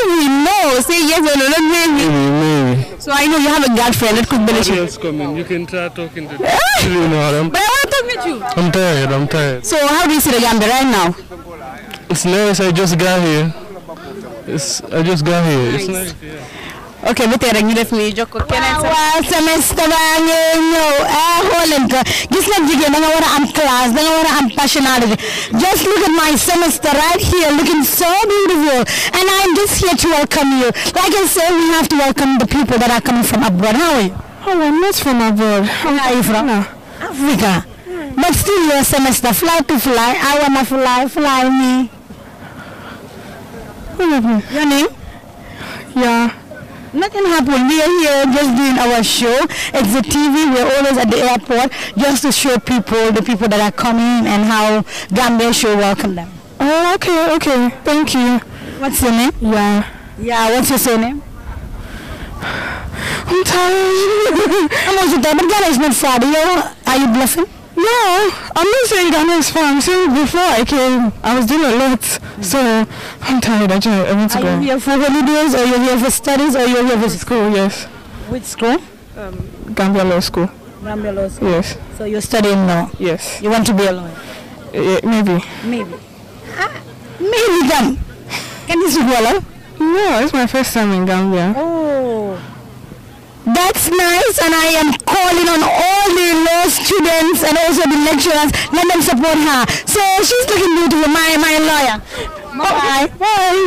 we know. Say yes or no, not maybe. Maybe, maybe. So I know you have a girlfriend, It not combination. Audience coming. You can try talking to eh? them. you know, I'm, but I want to talk with you. I'm tired, I'm tired. So how do you see the Gambia right now? It's nice, I just got here. It's, I just got here. Nice. It's nice, yeah. Okay, but tee are ñu def nii jokkoo keneen sax waaw semestre baa ngee ñëw ah xooleen ko gis nga jigéen da nga war a am classe da nga war a am passionality just look at my semester right here looking so beautiful and I'm just here to welcome you like I said, we have to welcome the people that are coming from abroad how are you? Oh, I'm not from abroad. Where are you from? Africa. Hmm. But still your semester fly to fly. I wanna fly, fly me. Your name? Yeah. Nothing happened. We are here just doing our show. It's the TV. We're always at the airport just to show people, the people that are coming and how Gambia should welcome them. Oh, okay, okay. Thank you. What's your name? Yeah. Yeah, what's your surname? I'm tired. I'm also tired, but Ghana is not far. Are you blessing? No, I'm not saying Ghana is far. I'm saying before I came, I was doing a lot. Mm. So I'm tired. Actually, I want to Are go. Are you here for holidays, or you're here for studies, or you're here for school? Yes. Which school? Um, Gambia Law School. Gambia Law School. Yes. So you're studying now. Yes. You want to be a lawyer. Yeah, maybe. Maybe. Ah, maybe then. Can you speak Wolof? No, it's my first time in Gambia. Oh. That's nice and I am calling on all the law students and also the lecturers. Let them support her. So she's looking beautiful, my, my lawyer. Bye. Bye.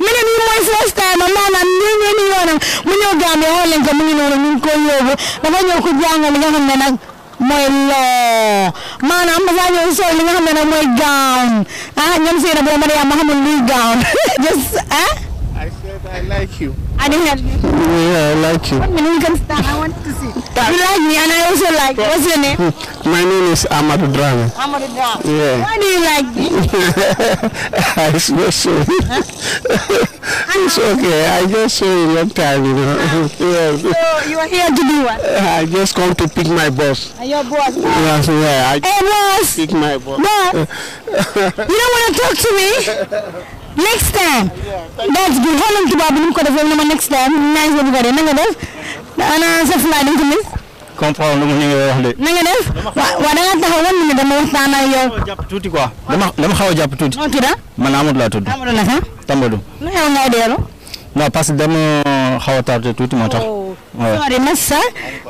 Mimi ni mwezi tano mama mimi ni wana mimi ogame wale ngo mimi no mimi ko yobo nafanya kujanga ni kama mna mwelo maana mfanya uso ni kama mna mwe gown ah nyamsi na bomba ya mahamu ni gown just eh I said I like you I didn't have you. Yeah, I like you. One minute, you can stand. I want to see. That. You like me, and I also like. What's your name? Hmm. My name is Amadou Drame. Amadou Drame. Yeah. Why do you like me? I smell so. it's okay. I just saw you long time, you know. Ah. So you are here to do what? I just come to pick my boss. And your boss? Yes, yeah. yeah I hey, boss. Pick my boss. Boss. you don't want to talk to me? next time that's good xoolal tubaab bi ni ko defee na next time naa ngi bëgg a na nga def ana sa fulaay dañ ko mën. comprendre lu mu ñu ngi wax de. na nga def waaw waaw dama waxtaan ak xaw a jàpp tuuti quoi dama dama xaw a jàpp tuuti. noo tudd ah? man que dama tuuti ma tax. waaw oh. Massa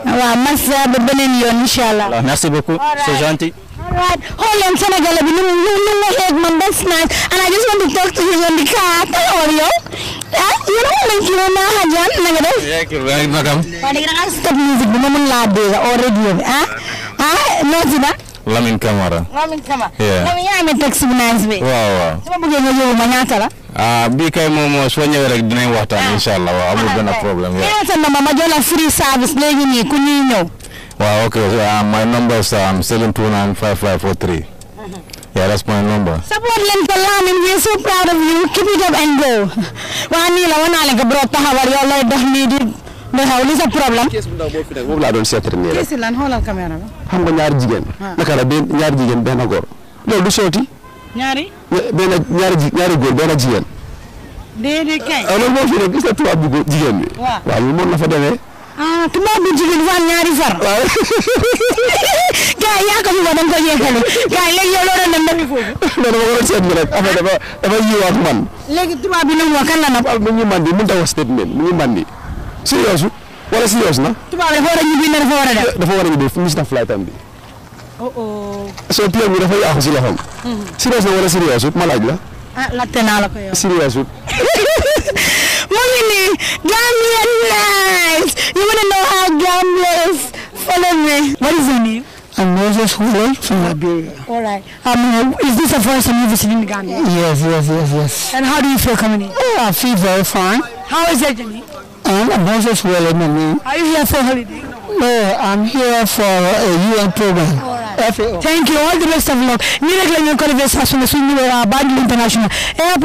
waaw Massa ba beneen Right, hold on, Senegala, you know, you know, head man, that's nice. And I just want to talk to you on the car. Hello, yo. You know, like, you know, now, Hajan, Nagadev. Yeah, Kirvai, madam. But I can stop music, but I'm not there, or radio. Ah, ah, no, Zina. Lamin Kamara. Lamin Kamara. Yeah. Lamin, I'm a taxi nice way. Wow, wow. So, I'm going to go to Manatala. ah bii kay moom soo ñëwee rek dinañ waxtaan ah. incha allah waaw amul ah, benn problème. waaw yow sa mama ma jox la free service léegi nii ku ñuy ñëw. Wow, okay. Um, my number is um, 729-5543. Yeah, that's my number. Support Lincoln Lamin. We're so proud of you. Keep it up and go. Wanila, wanala ka bro. Tahawar nii rek. Kes lan xoolal caméra ba. Xam nga ñaari ah. la benn ñaari jigéen benn góor. Loolu du sooti. Ñaari? Benn ah, bi. Waaw. Waaw loolu moom la ah tubaab bu jigéen bu am ñaari far. waaw. gars yi yaakaar nga da nga ko jeexale. gars yi léegi yow loo doon dem demee foofu. non dama waroon seetlu rek affaire dafa dafa yiwaat man. léegi tubaab bi nag wax kan la nag. waaw mu ngi mandi mënut a wax statement mu ngi mandi si yoosu wala si yoos na. tubaab dafa war a ñibbi ne dafa war a dem. dafa war a ñibbi mis na flight am bi. oh oh. soo pion bi dafa yaaxu si loxoom. Mm-hmm. si yoos na wala si yoosut ma laaj la. ah laajte naa la ko yow. si yoosut. Morning, Gambian Lives! You want to know how gamblers follow me? What is your name? I'm Moses Wole from oh, Liberia. All right. Um, is this the first time you have visiting the Gambia? Yes, yes, yes, yes. And how do you feel coming in? Oh, I feel very fine. How is it, Jenny? I'm Moses Wole, my name. Are you here for holiday? No, I'm here for a UN program. Thank you. All the best of luck. मेरे अगले में college west house में सुन International. बांडल international ए आप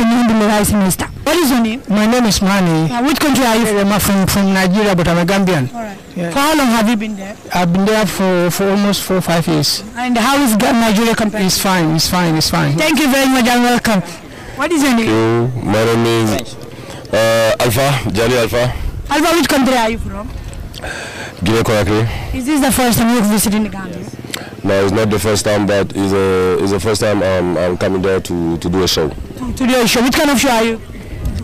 उन जो What is your name? My name is Mani. Uh, which country are you from? i from, from Nigeria, but I'm a Gambian. All right. Yeah. For how long have you been there? I've been there for, for almost four five years. And how is Nigeria compared? It's fine, it's fine, it's fine. Thank you very much and welcome. What is your name? My name is uh, Alpha, Jali Alpha. Alpha, which country are you from? Guinea Conakry. Is this the first time you have visited the Gambia? Yes. No, it's not the first time, but it's, a, it's the first time I'm, I'm coming there to, to do a show. To, to do a show. Which kind of show are you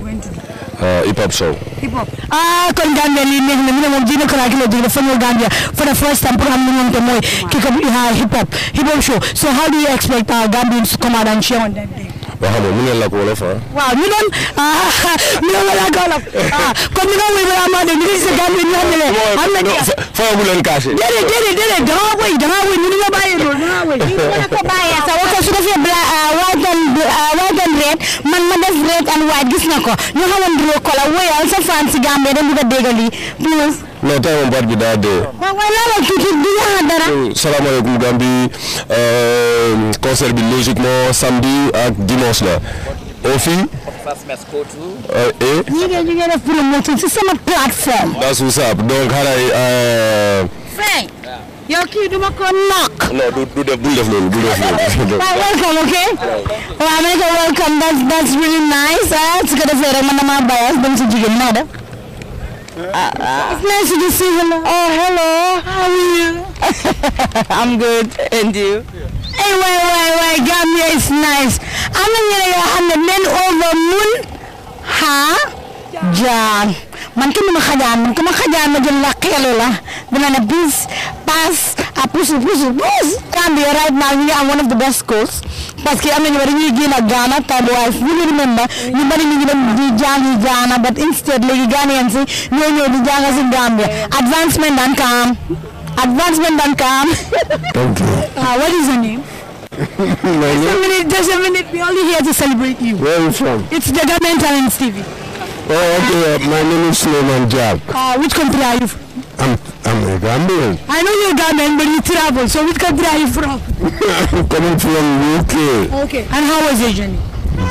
going to do? Uh, hip hop show. Hip hop. Ah, kon Gambia li neex na mu ne moom dina ko laaj ma déglu fa ñëw Gambia for the first time pour am lu moom te mooy kii ko ah, hip hop hip hop show. So how do you expect our ah, Gambians to come out and share on that day? waxam mu ngeen làkk wolof ah. waaw ñu doon ah ñu doon ma làkk wolof ah comme ni nga wooyee balaa maa dégg ñu ngi si Gambie ñu xam ne leen. am na ci ah. faaw bu leen a ah, bla ah, white and red man ma def red and white gis na ko ñu xamoon duro kola wëyal sa fan si Gambie dem bu ko dégg lii non tey moom baat bi daa dee. waaw waaye laa la tuuti du ñu wax dara. salaamaaleykum Gambie euh, concert bi logiquement samedi ak dimanche la au fil. ñi ngeen ñu ngi def promotion ci sama plateforme. daa suuf saab donc xaaral. Euh, Faye. yow kii du ma ko noq. non du du def bul def loolu bul def loolu. waaw welcome ok. waaw ma ne ko welcome that's that's really nice ah su ko defee rek man damaa bàyyi ak dem si jigéen ñi naa def. Uh, uh, it's nice to see you. Oh, hello. How are you? I'm good. And you? Hey, why, why, why? Gambia is nice. I'm going to have the men over moon. Ha? John. Man kami makadaan, man kami makadaan, maging laki alola. Dala na bis, pass, uh, push, push, push. Gambia right now, we are one of the best schools. parce que am na ñu bari ñuy génn ak Ghana time waaye you remember ñu bari ñu ngi dem di Ghana but instead léegi Ghanaian si ñoo ñëw di jàng si Gambia advancement daan kaam advancement daan kaam thank you uh, what is your name My just a minute, just a minute. We're only here to celebrate you. Where are you from? It's Jagaman Talents TV. Oh, okay. Uh, my name is Suleiman Jab. Uh, ah, which country are you from? I'm, I'm a Gambian. I know you're Gambian, but you travel. So which country are you from? I'm coming from UK. Okay. And how was your journey?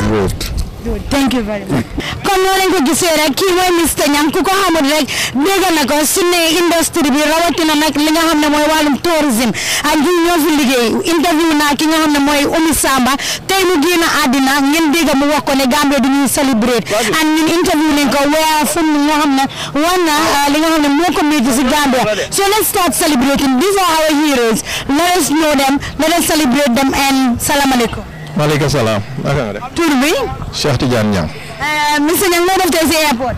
Great. good thank you ko gisee kii mooy Mr Nyang ku ko xamul rek dégg na ko su ne bi rawatina nag li nga xam ne mooy wàllum tourisme ak ñi ñoo fi liggéey interview naa ki nga xam ne mooy Oumi Samba tey mu génn àddina ngeen dégg mu wax Gambia du ñuy célébrer ak ñun interview nañ ko where fu mu nga xam ne war na ah, li nga xam ne moo ko métti si Gambia so let's start celebrating these are our heroes let us them let us them and salaamaaleykum. maaleykum salaam. naka nga def tur bi. Cheikh Tidiane Niang. Euh, moo def tey si airport.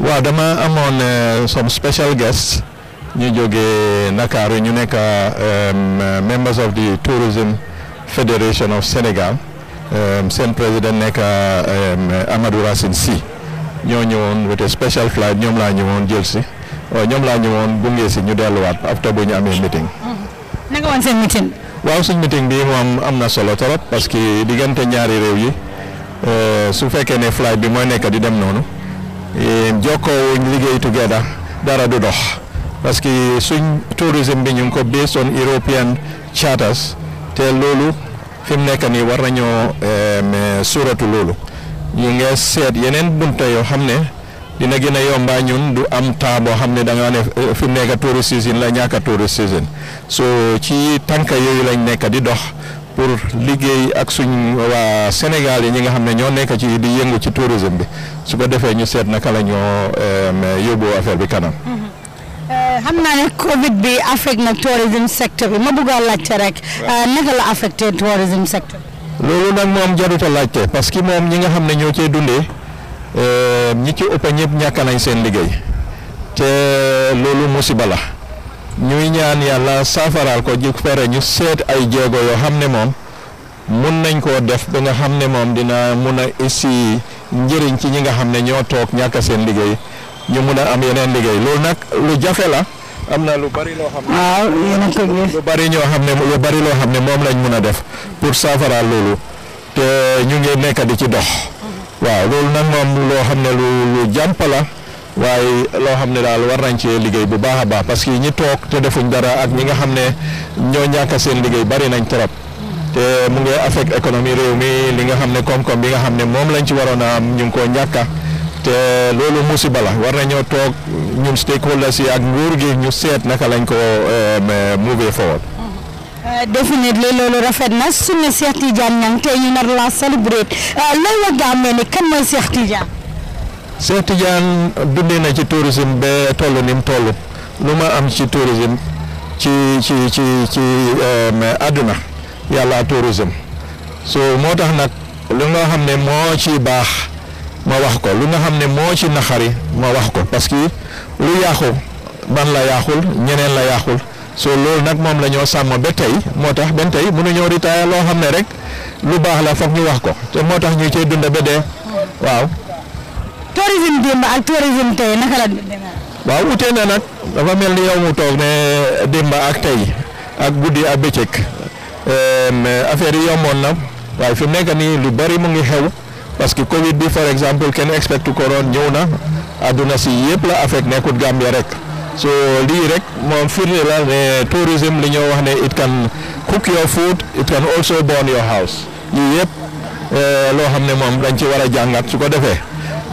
waaw dama amoon euh, some special guest ñu jóge nakaar Ndakaaru ñu nekk euh, members of the tourism federation of Sénégal seen président nekk Amadou Racine si ñoo ñëwoon with a special flight ñoom laa ñëwoon jël si ñoom laa ñëwoon gunge si ñu delluwaat after bu ñu amee meeting. meeting. waaw suñ meeting bi moo am na solo trop parce que diggante ñaari réew yi euh, su fekkee ne flight bi mooy nekk di dem noonu jokkoo wuñ liggéey together dara du dox parce que suñ tourisme bi ñu ngi ko based on European charters te loolu fi mu nekk nii war nañoo euh, suuratu loolu ñu ngi seet yeneen bunta yoo xam ne. dina gën a yomba ñun du am temps boo xam ne da ne eh, fi nekk tourist season la ñàkk a tourist so ci tànka yooyu lañ nekk di dox pour liggéey ak suñ waa Sénégal yi ñi nga xam ne ñoo nekk ci di yëngu ci tourisme bi su ko defee ñu seet naka la ñoo eh, yóbbu affaire bi kanam. Mm-hmm. Eh, xam naa ne Covid bi affecté na tourism secteur bi ma bëgg laajte rek. naka la affecté tourism secteur. loolu nag moom jarut a laajte parce que moom ñi nga xam ne ñoo cee dundee. Eh, ñi ci ëpp ñëpp ñak nañ seen liggey te lolu musiba la ñuy ñaan yalla safaral ko jikko fere ñu sét ay jégo yo xamné mom mën nañ ko def ba nga xamné mom dina mëna ici isi njëriñ ci ñi nga xam ne ñoo toog seen liggey ñu mëna am yeneen liggey loolu nak lu jafe la amna na lu bari lo xamné lu bari ño xamné lu bari lo xamné mom lañ mëna def pour safaral lolu te ñu ngi nekk di ci dox waaw loolu nag moom loo xam ne lu lu jàmp la waaye loo xam ne daal war nañ ci liggéey bu baax a baax parce que ñi toog te defuñ dara ak ñi nga xam ne ñoo ñàkk seen liggéey bari nañ trop te mu ngi affect économie réew mi li nga xam ne koom-koom bi nga xam ne moom lañ ci waroon a am ñu ngi koo ñàkka te loolu musiba la war nañoo toog ñun stakeholders yi ak nguur gi ñu seet naka lañ ko euh, move forward Euh, definitely loolu rafet na suñu Cheikh Tidiane Niang tey ñu nar laa célébrer euh, loolu la nga amee ni kan mooy Cheikh Tidiane. Cheikh Tidiane dundee na ci tourisme ba toll ni mu toll lu ma am ci tourisme ci ci ci ci euh, àdduna yàlla tourisme so moo tax nag lu nga xam ne moo ci baax ma wax ko lu nga xam ne moo ci naqari ma wax ko parce que lu yaaxu ban la yàqul ñeneen la yàqul so loolu nak mom lañu ñoo ba tay motax tax ben tey mënuñoo ritaaya loo lo xamné rek lu baax la foog ñu wax ko te motax ñu cee dund ba dee waaw tourisme démb ak tourism tay naka la waaw wute na nak dafa melni yow mu tok né demba ak tay ak guddii ak euh affaire yi yomon na waaye fi nekk ni lu bari mu ngi xew parce que covid bi for example, ken expect to corona, ñëw na aduna si yépp la affect nekkut Gambia rek so lii rek moom firnde la ne tourism li ñoo wax ne it can cook your food it can also burn your house yii yëpp eh, loo xam ne moom dañ ci war a jàngat su ko defee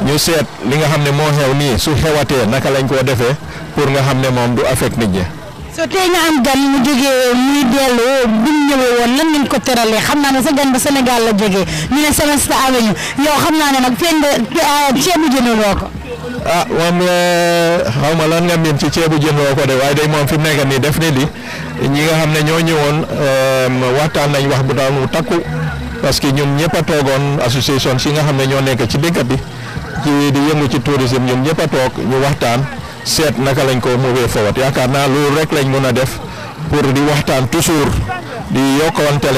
ñu seet li nga xam ne moo xew nii su xewatee naka lañ ko defee pour nga xam ne moom du affect nit ñi so tey nga am gan mu jógee muy dellu bi mu ñëwee woon lan ngeen ko teralee xam naa ne sa gan ba Sénégal la jógee ñu ne Semester Avenue yow xam naa ne nag feeñ nga ah, ceebu jëndoo ko. ah eh, ma lan nga miin ci ceebu jëndoo ko de waaye day moom fi mu nekk nii def ni di ñi nga xam ne ñoo ñëwoon waxtaan nañu wax bu daal mu takku parce que ñun ñëpp a toogoon association si nga xam ne ñoo nekk ci dëkk bi ci di yëngu ci tourisme ñun ñëpp toog ñu waxtaan. set naka lañ ko moobee fawat yaakaar naa lu rek lañ mën a def pour di waxtaan toujours di le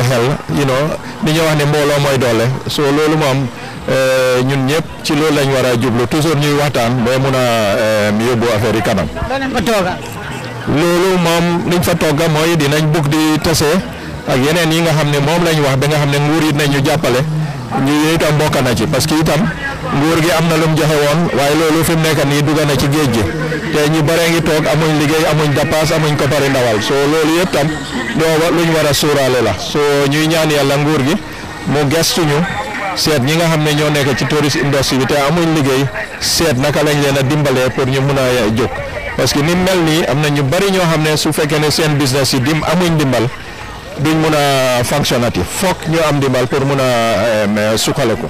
xel you know di ñu wax ne mbooloo mooy doole so loolu moom ñun eh, ñëpp ci loolu lañ war a jublu toujours ñuy waxtaan mooy mun a yóbbu eh, affaire yi kanam loolu moom liñ fa togga mooy dinañ bugg di tasee ak yeneen yi nga xam ne moom lañ wax ba nga xam ne nguur yi nañu ñu jàppale ñu itam bokk na ci parce que itam nguur gi am na lu mu joxe woon waaye loolu fi mu nekk nii dugg na ci géej gi te ñu bëree ngi toog amuñ liggéey amuñ dapaas amuñ koppari ndawal soo loolu yëpp tam lu ñu war a suuraale la soo ñu ñaan yàlla nguur gi mu gestuñu seet ñi nga xam ne ñoo nekk ci tourist industry bi te amuñ liggéey seet naka lañ leen a dimbalee pour ñu mun a jóg parce que ni mel nii am na ñu bëri ñoo xam ne su fekkee ne seen business yi dim amuñ dimbal duñ mun a fonctionnati foog ñu am dimbal pour mun a eh, suqale ko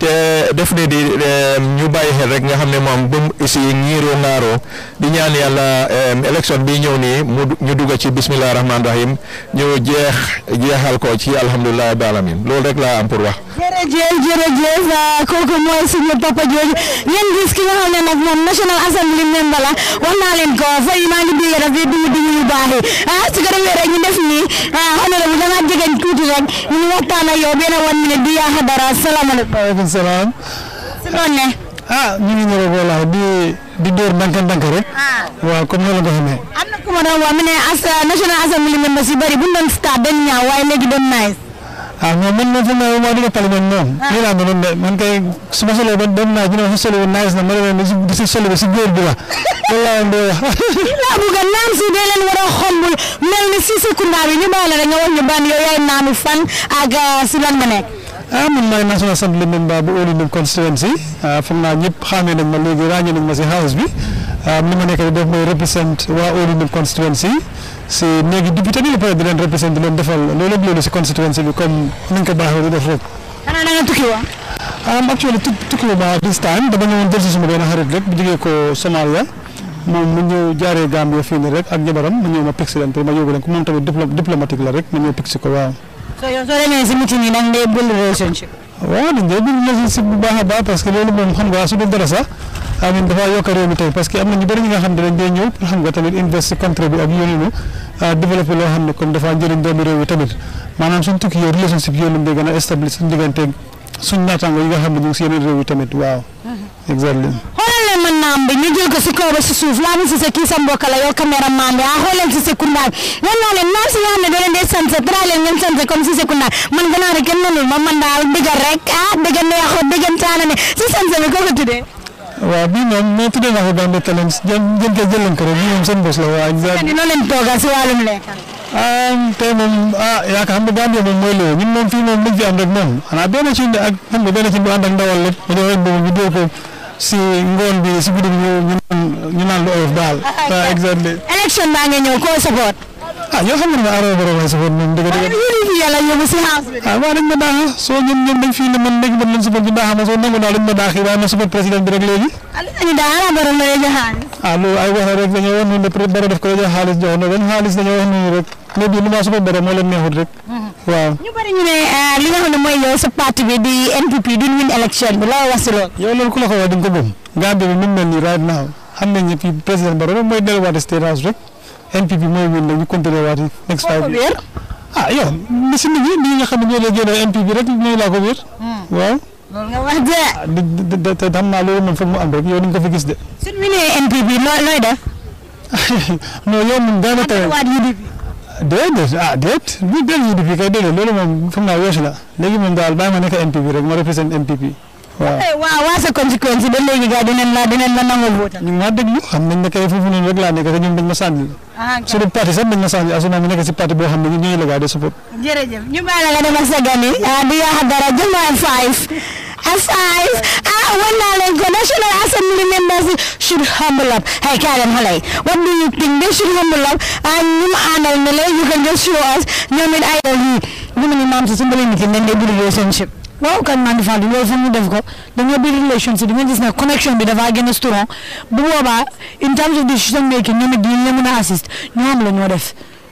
te def ne di ñu bàyyi xel rek nga xam ne moom bu mu si ñiiroo ngaaroo di ñaan yàlla élection bi ñëw nii mu ñu dugg ci bisimilah rahmaani rahim ñu jeex jeexal ko ci alhamdulilah bi alamin loolu rek laa am pour wax. jërëjëf jërëjëf ah, kooku mooy suñu papa jooju ngeen gis ki nga xam ne nag moom National Assembly member la wax naa leen ko fay maa ngi biir daf duñu duñu yu baax yi ah su ko defee rek ñu def nii ah honorable da ngaa jege tuuti rek ñu ngi waxtaan ak yow ah, di di door ndànk-ndànk rek. Ah. waaw comme noonu ko xamee. am na ku ma doon wax mu ne as National Assembly member si bëri bu ñu doon dañ ñaaw waaye léegi doon nice. waaw mais man man fi ma moo di pale man moom lii laa mënoon de man kay su ma solee ba dem naa dina sa soli bu nice na ma demee ne di si soli ba si góor bi la loolu laa doon wax lii laa bëgg a naan si dee leen war a xombul mel ni si secondaire bi ñu bàyyi la da nga wax ñu ban yow yaay naanu fan ak si lan nga nekk ah man maay national assembly member bu Oldendam constituency foog naa ñëpp xamee nañ ma léegi ràññee nañ ma si house bi ni ma nekk di def mooy represent waa Oldendam constituency si néegi député bi peut être di leen représenté defal loolu ak loolu si constituency bi comme ni ko baaxee di def rek. xanaa ñëw ma pegg si leen la rek ma ñëw pegg ko waaw. soo yow soo si baax a baax parce que loolu moom xam nga su dul dara sax. amiin dafa yokk réew mi tey parce que am na ñu bëri nga xam ne dañ day xam nga tamit investi contré bi ak yéneenu ah, développé loo xam ne kon dafa njëriñ doomi mi tamit tamit waaw uh-huh. exactement xoolal leen man naam bi ñu jël ko si kaw si suuf laa mu si sa kii sa mbokk la yow caméraman bi ah si secondaire bi yéen naa leen naam si yoo xam ne rek kenn nanul ma man daal dëggal rek ah, ne si sanse bi koo ko tuddee waaw bii moom moo tuddee naa ko Gambian Talents jën jën kay jël leen ko rek bii moom seen bés la waaw. sëñ bi leen toogal si wàllum lekk. tey moom ah yaakaar xam nga Gambia moom mooy loolu ñun moom fii moom liñ fi am moom xanaa benn ci ak xam nga benn ci bu ànd ak ndawal lépp mu doon boobu ñu si ngoon bi si guddi ñu ñu naan lu oyof daal. Ah, ah, exactement élection baa ngi ñëw ah yoo xam ne ma aaroo borom ay safoon moom dëgg dëgg. yàlla yóbbu si xaas bi. ah waaw dañ ma daax soo ñun ñun dañ fi ne man léegi man lañ support bi daax ma soo nangu daal dañ ma daax yi waaye ma support président bi rek léegi. ah li ñu daax la borom la lay jox xaalis. ah loolu ay wax rek dañoo wax ne le borom daf koy jox xaalis jox na dañ xaalis dañoo wax ne rek mais bii lu ma support borom moo leen neexut rek. Mm-hmm. waaw ñu bari ñu ne ah, li nga xam ne mooy yow sa parti bi di NPP duñ win élection bi loo wax si loolu. yow loolu ku la ko wax di nga ko gëm Gambie bi mu mel nii right now xam nañ ne fii président Barrow mooy delluwaat state house rek NPP mooy win nag ñu continuer waati next five years ah yow li si nit ñi nit ñi nga xam ne ñoo lay génne NPP rek ñooy laa ko wér. Hmm. waaw. loolu nga wax de. ah di di naa loolu moom foog mu am rek yow ni nga ko fi gis de. suñu winee NPP looy looy def. non yow moom daanaka tamit waat UDP. déedéet ah déet bu dee UDP kay déedéet loolu moom foog naa weesu la léegi moom daal bàyyi ma nekk NPP rek ma représenté NPP. waaw eh, waaw waaw sa kon si kon si ba léegi gars dinañ la dinañ la nangoo votal ñu ngi maa déglu xam nañ ne kay foofu noonu rek laa nekk rek ñoom dañ ma sànni la ah, suñu parti sax dañ ma sànni asuna mi nekk si parti boo xam ne ñooy la gars de support jërëjëf ñu bàyyi la nga dem ak sa gan yi ah, di yaaxa dara jël ma five a five ah wan naa leen ko national assembly members should humble up hey kaay leen xale yi what do you think they should humble up and ah, ñu ma àndal ne la you can just show us ñoom it ay ñu mu ni maam si su mbalee nit yi nañ dee buri relationship waaw kan Mandi Fall loolu foog def ko dañoo biir relation si di nga gis ne connexion bi dafa gën a strong bu boobaa in terms of decision making ñoom it assist ñu am la ñoo def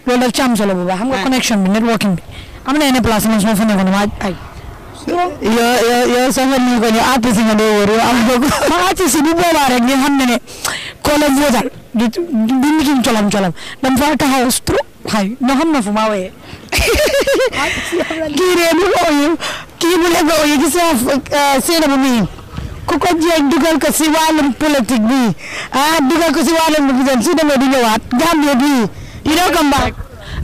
loolu daf ci am bu baax xam nga connexion bi networking bi am na yenn place man su ma fa nekkoon waa ay. yoo yoo yoo soo ko nuyu ma artiste bu boobaa rek ngeen xam ne ne koo la votal du du nitum colam colam dama fa taxaw stro xay no xam na fu ma wooyee kii de mu nga uyu kii mu ne nga uyu gis nga eh, Seynabou mii ku ko dugal ko si wàllum politique bi ah dugal ko si wàllum bi su demee du ñëwaat Gambie bii you know come back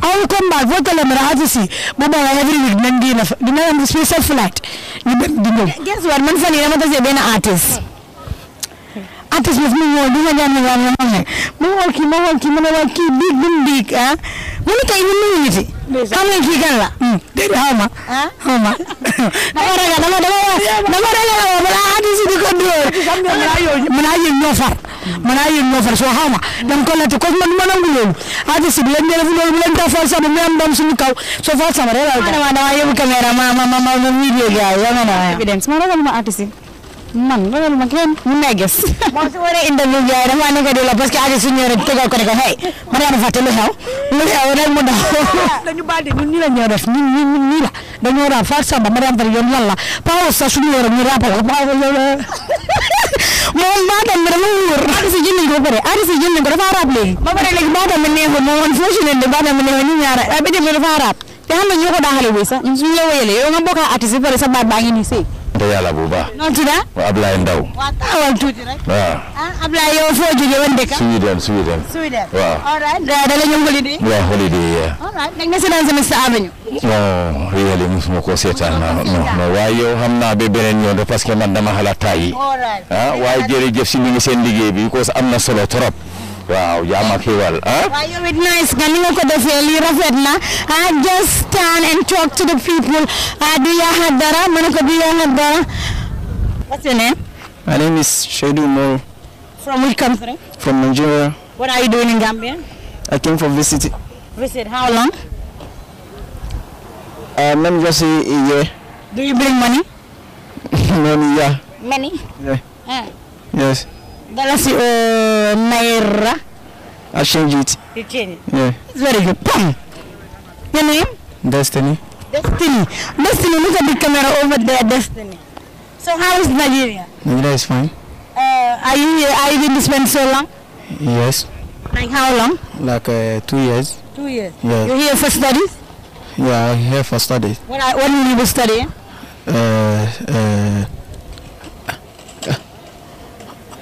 I will come back vote la mara artiste bu boobaa every week dinañ dina dina am special flight di ñëw guess what man fan yii dama tasee benn artiste artiste bi mu ñëw di nga ñaan ñaan ma xool kii ma xool kii ma ah. ne waa kii biig bi mu biig ah mënu tey ñu nuyu nit xam nga kii kan la. déedéet xaw ma. xaw ma dama ragal dama dama dama ragal a si di ko dóor. mën naa yëg a far. mën naa yëg ñoo far soo xaw ma. dama ko laajte kooku man ma nangu loolu. xati si bu leen jëlee fu loolu bu leen taw far sama mi am doom suñu kaw soo far sama rek la. dama ma ma ma ma vidéo gars yi yaa nga man ragal ma kenn mun naa gis. moom su ma nee interview bi yaay damaa nekk di la parce que aji ko ne ko hey ma daan fàtte lu xew lu xew rek mu daw. la ñoo def ñun ñun ñun nii la dañoo daan fàtte samba ma daan si jënd ko ko dafa rap léegi. ba pare léegi baatam bi neexul moom man foo si leen de baatam bi neexul ñu ñaar ba jëm dafa rap te xam nga ñoo ko daaxale wéy sax suñu la wéyalee yow nga bokk artiste ba pare sa baa ngi nii sëy te yàlla bu baax. noonu tudd ah. Ablaye Ndaw. waaw taxawal tuuti rek. waaw ah Ablaye yow foo jógee woon dëkk. Sweden Sweden. Sweden waaw. all right da la ñu holiday. waaw holiday yeah. all right nag nga seetaan Semester Avenue. non really musuma ko seetaan non waaye yow xam naa ba beneen yoon de parce que man dama xalaat taay yi. all right ah waaye jërëjëf si ñu ngi seen liggéey bi parce que am na solo trop. Wow, jàmm ak huh? Why you yow nice Can you nga ko the lii rafet na I just stand and talk to the people ah du yaaxa dara ma ne what's your name. my name is Shadu Moro. from which country. from Nigeria. what are you doing in Gambia. I came for visit. visit how long. Uh, let me just say a year. do you bring money. money yeah. money. yeah. Ah. yes. Dalasi uh, Naira. I change it. You change it? Yeah. It's very good. Pam! Your name? Destiny. Destiny. Destiny, look at the camera over there, Destiny. So how is Nigeria? Nigeria is fine. Uh, are you are you in this so long? Yes. Like how long? Like uh, two years. Two years. Yeah. You're here for studies? Yeah, I'm here for studies. What what will you studying? Uh, uh,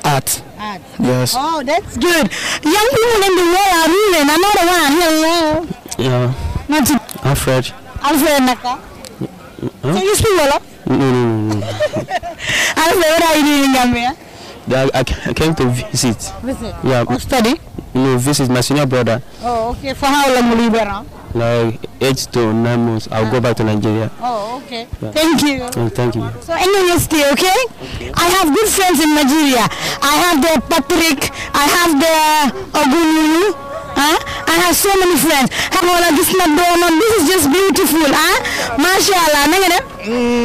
art. Art. Yes. Oh, that's good. Young people in the world are ruling. the one. Hello. Yeah. Not to Alfred. Alfred Naka. Huh? Can you speak Wolof? No, no, no. no. Alfred, what are you doing in Gambia? I, I came to visit. Visit? Yeah. To oh, study? no, visit my senior brother. Oh, okay. For how long will you be around? like eight to nine months, I'll go back to Nigeria. Oh, okay. Yeah. Thank you. Oh, thank you. So anyway stay okay? okay? I have good friends in Nigeria. I have the Patrick, I have the Ogunulu, huh? I have so many friends. Have all of this Madonna. This is just beautiful, huh? Mashallah. mm.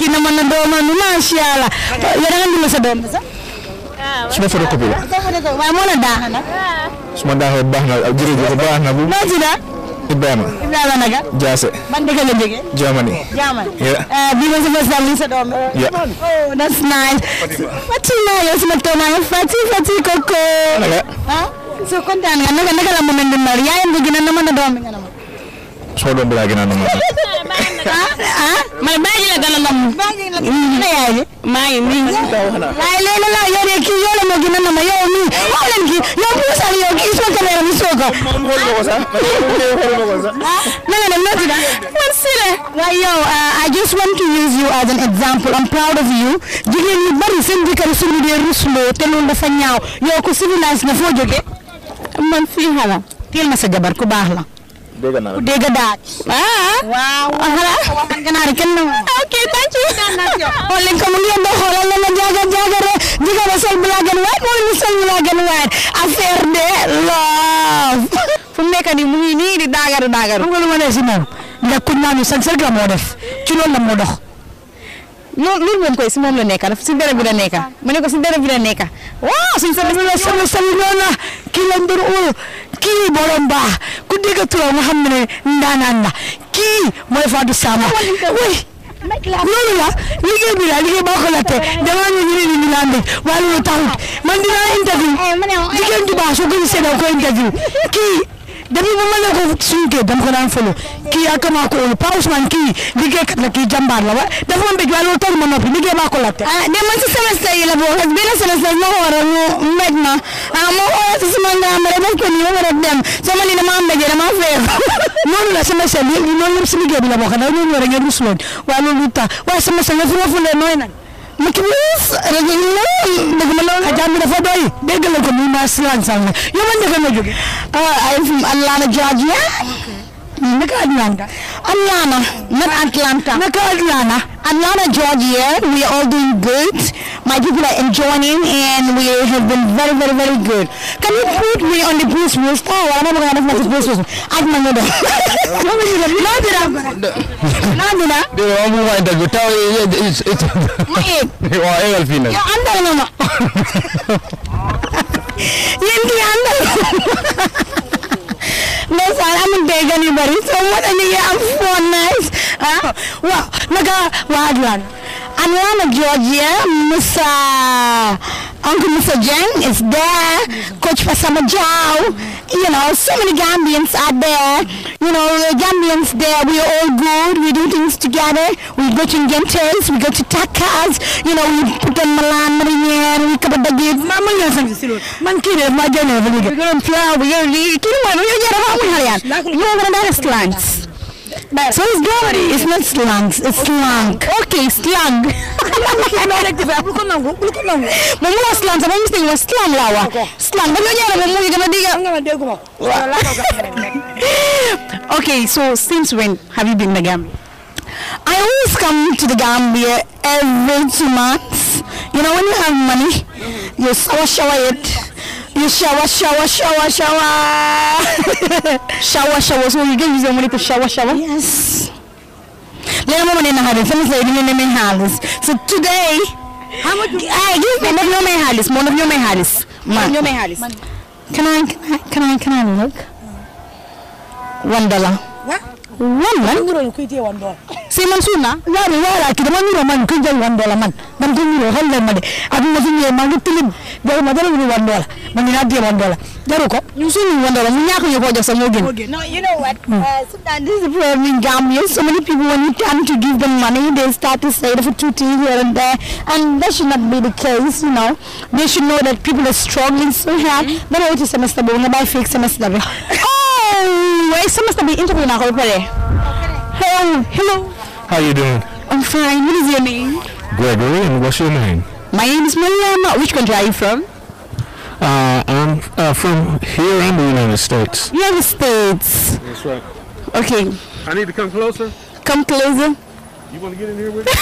mm. mashallah. Yarangu lo sabem. Sima photocopy. Sima photocopy. Wa mona dahana. su ma daaxee baax na jërëjëf baax na bu. noo tudd ah? Ibrahima. Ibrahima naka. Jaase. ban dëkk la jógee. Germany. Germany. Eh, bii mooy sa first time li sa doom bi. oh that's nice. Fatima yow si la toog naa ah, Fati Fati koko. naka. ah soo kontaan nga naka naka la moment bi mel yaayam nga gën a nama na doom bi nga soodoo mbaa gën a nam. ah man baa ji la gën a nam. baa ji la a yaay ma gën a nam yow mii wax leen kii yow puusal yow kii soo ma ko sax. Ah. Ah. si la. Uh, I just want to use you as an example I'm proud of you jigéen bari seen jëkkër suñu dee rusloo te loolu dafa ñaaw yow foo jógee. man fii xala teel ma sa jabar baax la. dégg naa la dégg daal. Ah, ah. waaw waaw ah, man ganaar mu ngi yëndoo xoolal la la jaaga jaaga re jigéen la sol black and mu sol black and white affaire de love. fu mu nekk nii mu ngi nii di daagaru daagaru. xam nga lu ma si moom ndax kuñ naa ñu sañ sel moo def ci loolu la moo dox. loolu loolu koy si moom la nekka daf si dere bi la nekka ma ne ko si dere bi la nekka waaw suñ sa la sama sami loona kii lañ doon óolu kii borom baax ku dégg turam nga xam ne ndaanaan la kii mooy Fatou Sama way loolu la liggéey bi la liggéey boo ko latte dama ñu ñu ñu la ndé waaye loolu taxut man dinaa interview eh, eh. jigéen ju baax su ko gisee da ko interview kii depuis bu ma nekkul suñu kër dama ko daan folo kii yaakaar ko woon Pa Ousmane kii liggéeykat la kii jàmbaar la wa dafa ma mbéj waaye loolu tax ma noppi liggéey maa ko laajte. ah ma ah ma woo rusuloon waaye loolu du tax waaye semestre nga fi ma fulee nooy nag. mu kibiis rajo yi lool dëgg ma lool xajaam bi dafa doy dégg la ko muy ma silan sang yow man dëgg ma jóge ah ay fum allah na jaajiya ah. Naka Atlanta. Atlanta, not Atlanta. Naka Atlanta. Atlanta, Georgia. We are all doing good. My people are enjoying and we have been very, very, very good. Can you put me on the Bruce Willis? Oh, I'm not going to have Bruce Willis. I'm not going to. No, I'm not going to. No, I'm not going to. No, I'm not going to. It's... It's... You are Elfina. You're under, no, no. ఏంటి అందరూ No, sir, I'm not beg anybody. Someone and you have four nights. Huh? Wow, look at wild one. And one of Georgia, Mr. Uncle Mr. Jeng is there. Coach Pasama Jau. You know, so many Gambians are there. You know, Gambians there. We are all good. We together. We go to Ngentels, we go to Takas, you know, we put on Milan, Marinier, we cover the gates. Mama, you're something silly. Man, kid, my journey. We're going to flower, we're going to, you know, we're going to, you're going to slants. So it's dirty, it's not slangs, it's slang. Okay, slang. Mumu was slang, sama mesti was slang lawa. Slang, bagaimana cara mumu yang kena dia? Okay, so since when have you been in the game? I always come to the Gambia every two months. You know when you have money, you shower, shower it. You shower, shower, shower, shower. shower, shower. So you give your money to shower, shower? Yes. So today, how much? I give me one of your mehalis, one of your mehalis. One of your mehalis. Can I, can I, can I, can I look? One dollar. What? One dollar. One dollar. Sey Mansour naa. yaari yaara ki dama niiroo man ku jël wan doola man man te niiroo xel leen ma de adduna fi ñëwee maa ngi tilim jaru ma dara ñu wan doola man dinaa dee wan doola jaru ko ñu suñu wan doola mu ñàkk ñu koo jox sax moo gën. no you know what. Mm. Uh, sometimes this is the problem in Gambia so many people when you tend to give them money they start to say dafa tuuti here and there and that should not be the case you know they should know that people are struggling so hard. Hmm. dama wuti semester boobu nga bàyyi fii semester bi. oh waaye semester bi interview naa ko ba pare. hello hello. How you doing? I'm fine. What is your name? Gregory, and what's your name? My name is Mariam. Which country are you from? Uh, I'm uh, from here in the United States. United States. That's right. Okay. I need to come closer. Come closer. You want to get in here with me?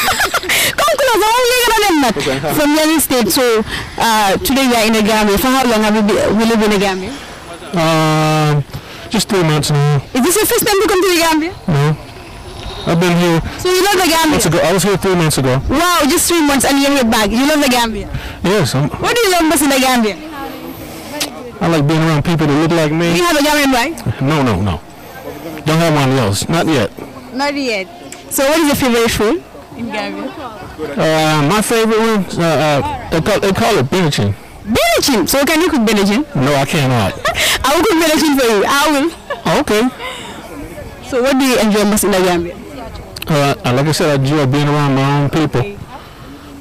Come I'm From United States, so uh, today we are in a Gambia. For how long have you been, we live in a Gambia? Um, uh, just three months now. Is this your first time to come to the Gambia? No. I've been here. So you love the Gambia? Ago, I was here three months ago. Wow, just three months and you're back. You love the Gambia? Yes. I'm, what do you love most in the Gambia? I like being around people that look like me. Do you have a Gambian wife? No, no, no. Don't have one else. Not yet. Not yet. So what is your favorite food in Gambia? Uh, my favorite one, uh, uh, they, call, they call it Benachin. Benachin? So can you cook Benachin? No, I cannot. I will cook Benachin for you. I will. Okay. So what do you enjoy most in the Gambia? Uh, like I said, I enjoy being around my own people.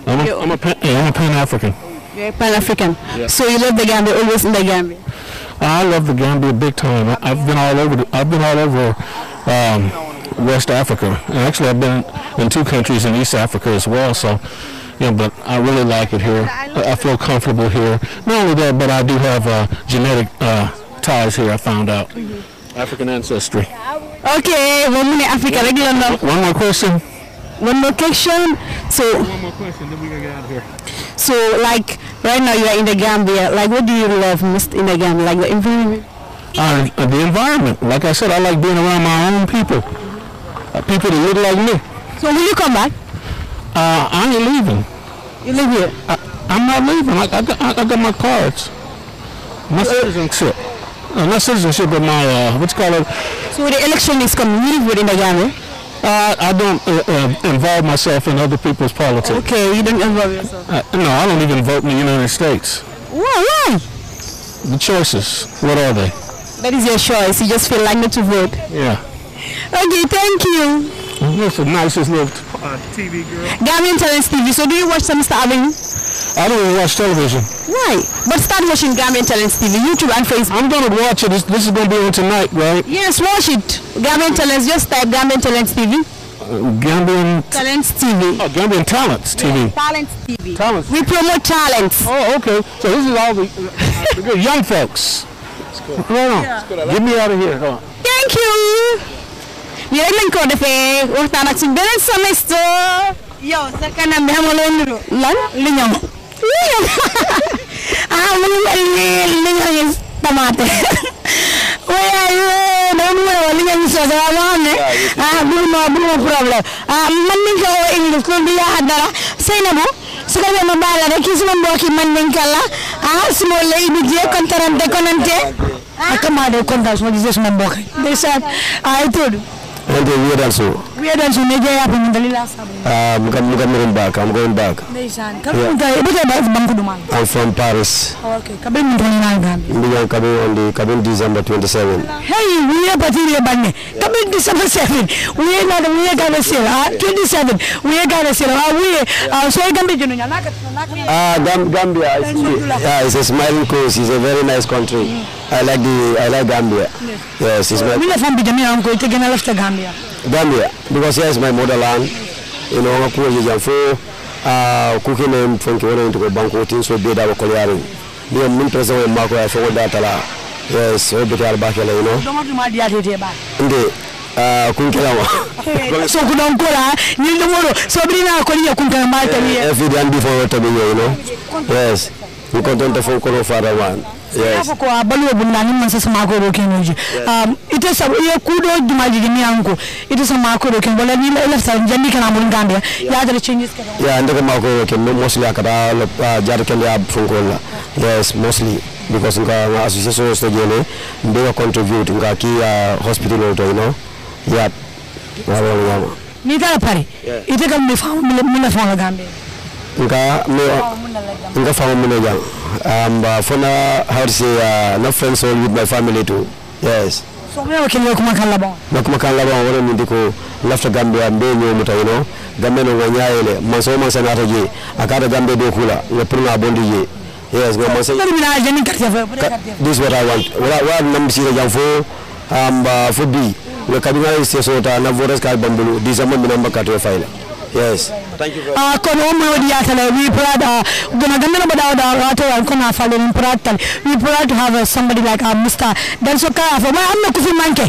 I'm a, I'm a, pan, yeah, I'm a Pan African. You're a Pan African. Yeah. So you love the Gambia, always in the Gambia. I love the Gambia big time. I, I've been all over. The, I've been all over um, West Africa, and actually I've been in two countries in East Africa as well. So, you know, but I really like it here. I feel comfortable here. Not only that, but I do have uh, genetic uh, ties here. I found out mm-hmm. African ancestry. Okay, one minute Africa, one, regular One more question. One more question. So one more question, then we gonna get out of here. So like right now you are in the Gambia. Like what do you love most in the Gambia? Like the environment. Uh, the environment. Like I said, I like being around my own people, uh, people that look like me. So will you come back? Uh, I ain't leaving. You live here? I, am not leaving. I, I, got, I got my cards, my citizenship. Uh, not citizenship, but my, uh, what you call So the election is coming within the Ghana? Uh, I don't uh, uh, involve myself in other people's politics. Okay, you don't involve yourself? Uh, no, I don't even vote in the United States. Why? Why? The choices, what are they? That is your choice. You just feel like not to vote. Yeah. Okay, thank you. You're the nicest little uh, TV girl. and Talents TV. So do you watch some Mr. I don't even watch television. Right. But start watching Gambian talent TV, YouTube and Facebook. I'm going to watch it. This, this is going to be on tonight, right? Yes, watch it. Gambian talent, Just type Gambian talent TV. Uh, Gambian Talents TV. Oh, Gambian Talents TV. Yeah, talents TV. Talents. We promote talents. Oh, okay. So this is all the, uh, the good young folks. Cool. on. Yeah. Cool. Like Get me out of here. huh? Thank you. ñu rek lañ ko defee waxtaan ak suñ beneen semestre yow sa kanam bi xamaloo lu lan ah mu ngi mel ni li nga gis tamaate waaye dama mën a wax li nga soose waaye ma xam ne ah bu ma bu ma problème ah man nañ ko woo English loolu du yaaxa dara Seynabou su ko defee ma baal la rek kii suma mbokki man nañ ko la ah su ma lay kontarante konante ah kamaa de kontaan su ma gisee suma mbokki ndeysaan ah ay tudd man de wiyeɗen so neje yaɓe min dalila sabu mi kam mi kam miɗon baka mi komin baka ndeysan kaɓeɗum ta ɓe keɓa f banque ɗum ala en from paris oh, ok kaɓen min toninani gambe mbiyan kaɓen onde kaɓen décembre 27 hey wiye batiri e banne kaɓen décembre 7 wiye nade wiye sel a 27 wiye gane sel a wiye so e gambe jeno ñanaka ah Gam gambia is, yeah, it's a smiling coast it's a very nice country mm. i like the i like gambia yes, yes it's my mina fambi jamia anko ite gena lefta gambia Gambia because here is my motherland. You know, I'm going to go cooking and ah, from Kiwana into Bankotin, so be that Koliari. Me and me present with Marco, I forgot that a lot. Yes, so be that back, you know. Don't want to my dear day back. Ah, kunkelawa so kuna nkola nyindomoro so bina akoliya kunkela mata eh, ni every day and before to be you know yes ni kontenta fo kono fara wan yes um, ko abalu bunna ni man sasa mako ro kin uji um ite sab ye kudo dumaji ni anko ite sa mako ro kin bola ni la lafta jandi kana mun gambia ya da changes kana ya ndaka mako ro kin mostly akata ah, jar ken ya funko la yes mostly because nga ma association so jene mbe contribute ah, to you know yeah wala wala ni ta pare ite kam mi fa mi la fa gambia nka nka fama mune jang um, uh, for now how to say uh, not friends all with my family too yes so me wakil yo kuma kan labon na kuma kan labon wala min diko lafta gambe am be nyomu taw no gambe no nyaayele man so man sanata je akada gambe do kula ya purna bondi je yes go man say this what i want wala wala nam sire jang fo am um, uh, a bi le kabinga se sota na voras ka Yes. Thank you very much. Ah, Kono umu odi atale, a proud, ah, gana gana naba dawa dawa ato wa nkona afale, we proud tali. We proud to have uh, somebody like uh, Mr. Danso Kaya, for my amna kufi manke.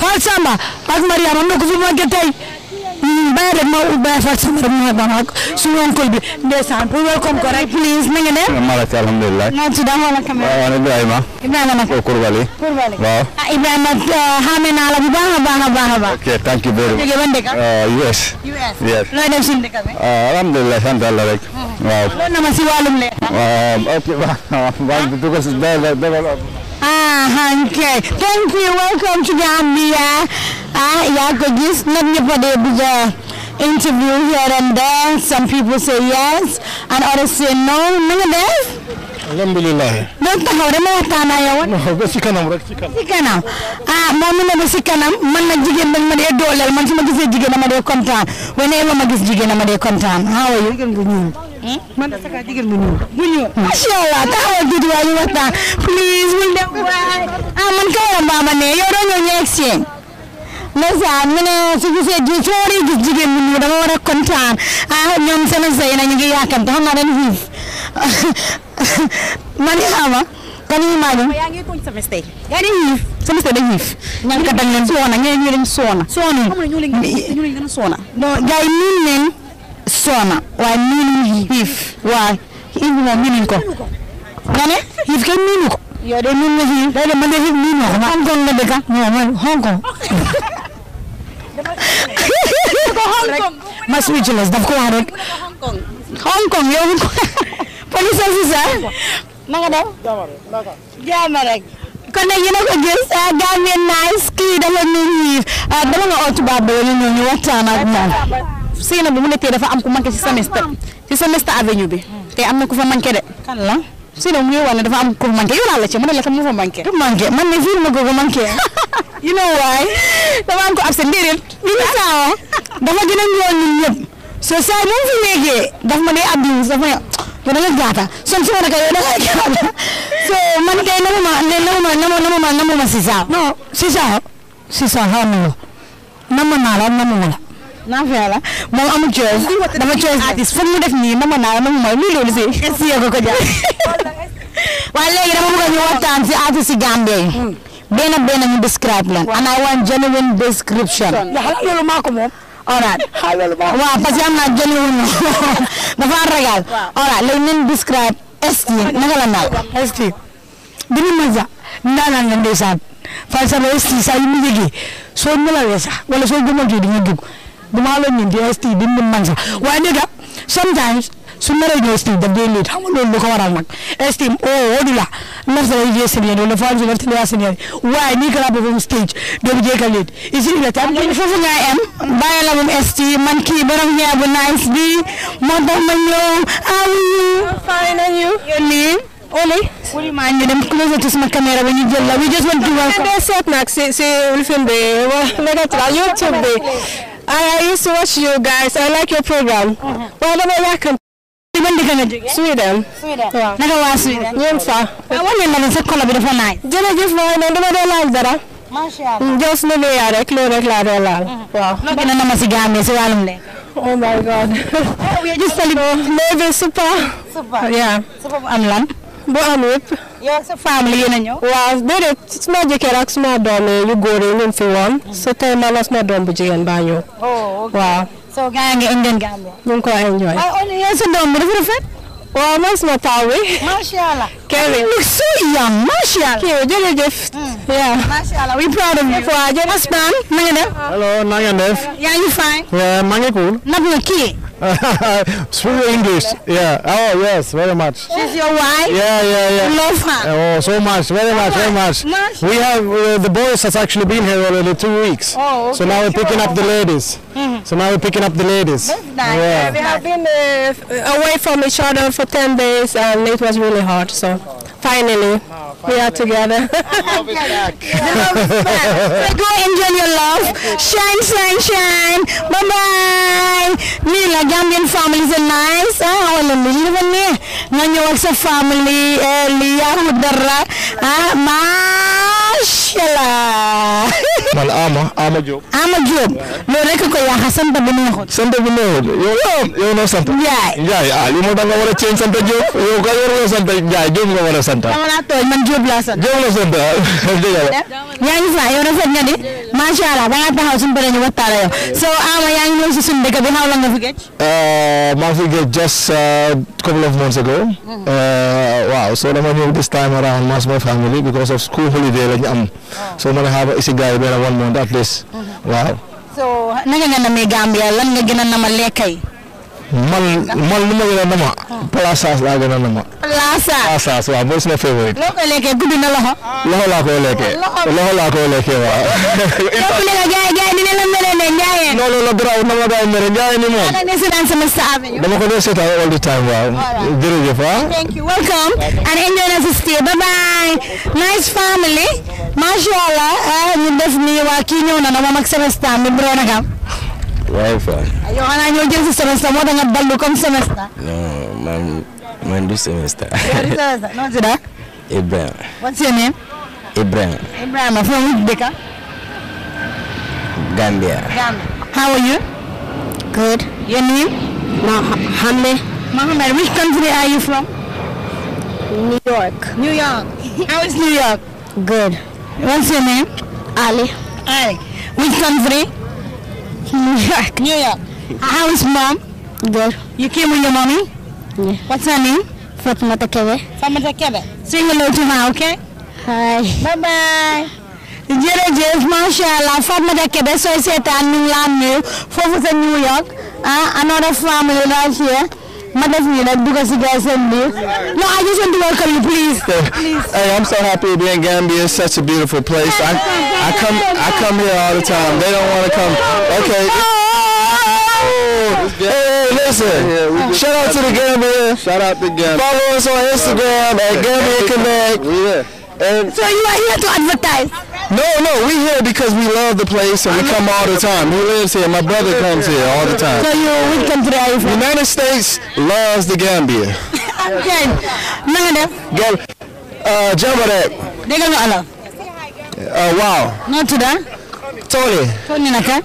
Falsamba, Agmaria, amna kufi manke tayi. Baye rek moo ut Baye Fall sama rek mooy ba mag suñu oncle bi ndeysaan pour welcome ko rek please na nga def malaka alhamdulillah na ci dama la caméra waaw ana Ibrahima Ibrahima nak ko oh, Kourbali Kourbali waaw ah Ibrahima euh, xamee naa la bu baax a baax a baax a baax ok thank you very much uh US US looy dem suñu dëkk bi ah alhamdulillah sant Allah rek mm-hmm. waaw loolu na ma si wàllum leer waaw ok waaw waaw dugal si dëgg la Ah, okay. Thank you. Welcome to Gambia. Ah, yeah, could you let me put the interview here and there. Some people say yes, and others say no. None of alhamdulilah. loolu taxaw dama waxtaan ak yow. non ba si kanam rek si kanam. si kanam si ah, kanam man nag jigéen dañ ma de dooleel man si ma gisee jigéen na dee kontaan whenever ma gis jigéen dama dee kontaan ah oui jigéen bu ñuul. Hmm? man de saka jigéen bu ñuul. bu ñuul macha allah taxawal tuuti waa ñu waxtaan please bul dem waay ah man kay la mbaama ne yow doo ñëw ñu na ndeysaan mu ne su ji su gis jigéen bu ñuul dama war a kontaan ah ñoom seen sey na ñu ngi yaakaar te xam naa man xama kan yi maa ngi. yaa ngi tooñ semestre yi. yaa ngi xiif semestre dañ xiif. ñàkk dañ leen soona ñeneen ñi dañ soona. soona a soona. donc gars yi miin soona waaye miinuñ xiif waaye xiif moom miinuñ ko. ko. yow de miin na Hong Kong la dëkk non Hong Kong. ma switch les daf ko wax rek. Hong Kong yow. police officer na nga def jaama rek kon nag yéen a ko gis ah, Gambian Nice kii dafa ñu ñiif ah, dama nga oo tubaab bala ñu ñëw ñu waxtaan ak moom Seyna bu mu ne tey dafa am ku manqué ci semestre ci semestre avenue bi te am na ku fa manqué de kan la Seyna mu ngi wax ne dafa am ku manqué yow laa la ci mu ne la tam fa manqué man ne fii ma ko manqué you know why dafa am ko absent déedéet ñu ngi saawa dafa gën a ñëwoon ñun ñëpp so saa moom fi nekkee daf ma ne abdou yow da nga jaata son su ma la ko yow da nga jaata so man kay namuma namuma namuma namuma Sisa non Sisa Sisa xaw ma la nama naa la namuma la. naa fexe la moom amul choix dama choix artiste foog mu def nii nama naa la namuma la muy loolu si. est-ce que yow ko jaar waaye léegi dama bëgg ñu waxtaan si artiste si hmm. describe lan. and I want genuine description. loolu maa moom. alright waaw parce que am naa jëli wuñu dafa ragal alright léegi nañ describe ST naka la naaw ST dina ma ja ndaanaan la ndeysaan parce que ST saa yu soo melawee sax wala soo gëmantoo di nga dugg du maa la ST di man sax waaye sometimes su naree ñëw style daf dee léegi xam nga loolu lu ko waral nag estime eh, o oh, wóodu la nafsa la vie senior wala faa nafsa la senior waaye nii ka la boppam stage doomu jeeka léegi ici il est temps foofu nga am bàyyi la moom estime man kii borom ñaar bu nice bi moo tax ma ñëw how are you fine and you your name Oli wuli maa ñu dem closer to sama caméra ba ñu jël la we just want to welcome seet nag si si ulfin bi nekk ci la YouTube bi I used to watch you guys I like your program mm-hmm. waaw dama yàkkam ci ban dëkk nga jógee. Sweden. Sweden waaw naka waa Sweden. ñoom sax. waaw ah, wane na ne sa kolo bi dafa naaj. jërëjëf waaye noonu dama doon laal dara. macha allah mm, Jos na lu yaa rek loolu rek laa doon laal. Mm-hmm. waaw loo a nama si Gambie si wàllum lekk. oh my god. gis tali léegi supa. supa yeah. am lan. bu am yëpp. yow sa famille yéen a ñëw. waaw déedéet suma jëkkër ak suma doom yu góor yi ñu fi woon. Mm-hmm. su tey la suma doom bu jigéen baa ñëw. Oh, so gaa ngi Indian Gambia. ñu ngi ko enjoy. waaye on doom bi dafa rafet. waaw man suma taaw bi. macha allah. Kerry looks so kii jërëjëf. Hmm. yeah. macha allah we proud of you. waaw jërëjëf kii. Speak English. Yeah. Oh yes, very much. She's your wife. Yeah, yeah, yeah. Love her. Oh, so much, very much, very much. much. We have uh, the boys has actually been here already two weeks. Oh. Okay. So now we're picking up the ladies. Mm -hmm. So now we're picking up the ladies. That's nice. Yeah. we have been uh, away from each other for ten days, and it was really hard. So Finally, oh, finally, we are together. love is back. love is back. So go enjoy your love. Shine, shine, shine. Bye bye. nii la Gambian families are nice. ah wala li li ma ne nga ñëw ak sa family eh, li yàqu dara ah macha allah. man Ama Ama Diop. Ama Diop loolu rek ko yàq sant bi neexut. sant bi neexut yow yow yow noo sant. Ndiaye Ndiaye ah li mu da nga war a ceeb sant Diop yow ka yor nga sant Ndiaye Diop nga war a sant. sant. dama laa tooñ man Diop laa sant. Diop la sant yaa ngi fa yow rafet nga di macha allah da ngaa taxaw suñu bëre ñu waxtaan yow soo ama yaa ngi ñëw si suñu dëkk bi how long nga fi gëj. Uh, maa fi uh, couple of months ago. Mm-hmm. Uh, waaw so dama ñëw this time around mass my family because of school holiday am. Oh. so man xaaba isi gars yi benn one month at least. Mm-hmm. waaw. so naka nga namee Gambia lan nga gën a lekkay. man man lu ma gën a nama. palasaas laa gën a nama. palasaas palasaas waaw mooy suma favorite. loo koy lekkee gudd na loxo. loxo laa koy lekkee. loxo laa koy lekkee waaw. yow ne la jaay jaay dina la mere ne njaayeen. non non non dara na ma daay mere njaayeen ni moom. dama seetaan sama Star Avenue. dama ko doon seetaan all the time waaw. jërëjëf ah. thank you welcome and enjoy the stay bye bye nice family. macha allah eh, ñu def nii waa kii ñëw na na moom ak semestre bi bu doon Wi-Fi. You xanaa ñoo jël si semestre moo tax nga ballu comme semestre. non man man du semestre. du semestre non what's your name. Ibrahim, Ibrahima from which dëkk. Gambia. Gambia. how are you. good. your name. Mohammed. Mohammed which country are you from. New York. New York. how is New York. good. what's your name. Ali. Ali. which country. New York. New York. How is mom? You came with your mommy? Yeah. What's her name? Fatmata Kebe. Fatmata Kebe. Say hello to her, okay? Hi. Bye bye. jërëjëf macha allah Fatmata Kebe sooy seetaan ñu ngi laa nuyu foofu sa New York ah, another family right here. Mother's Day, like because you guys send me. No, I just want to welcome you, please. please. Hey, I'm so happy to be in Gambia. It's such a beautiful place. I, I come I come here all the time. They don't want to come. Okay. Hey, listen. Shout out to the Gambia. Shout out to Gambia. Follow us on Instagram at Gambia Connect. Yeah. And so you are here to advertise? No, no, we here because we love the place and we come all the time. He lives here. My brother comes here all the time. So you, we come to the United States loves the Gambia. Again, Nana. Go, uh, jump on that. They Allah. Uh, wow. Not to that. Tony. Tony Naka.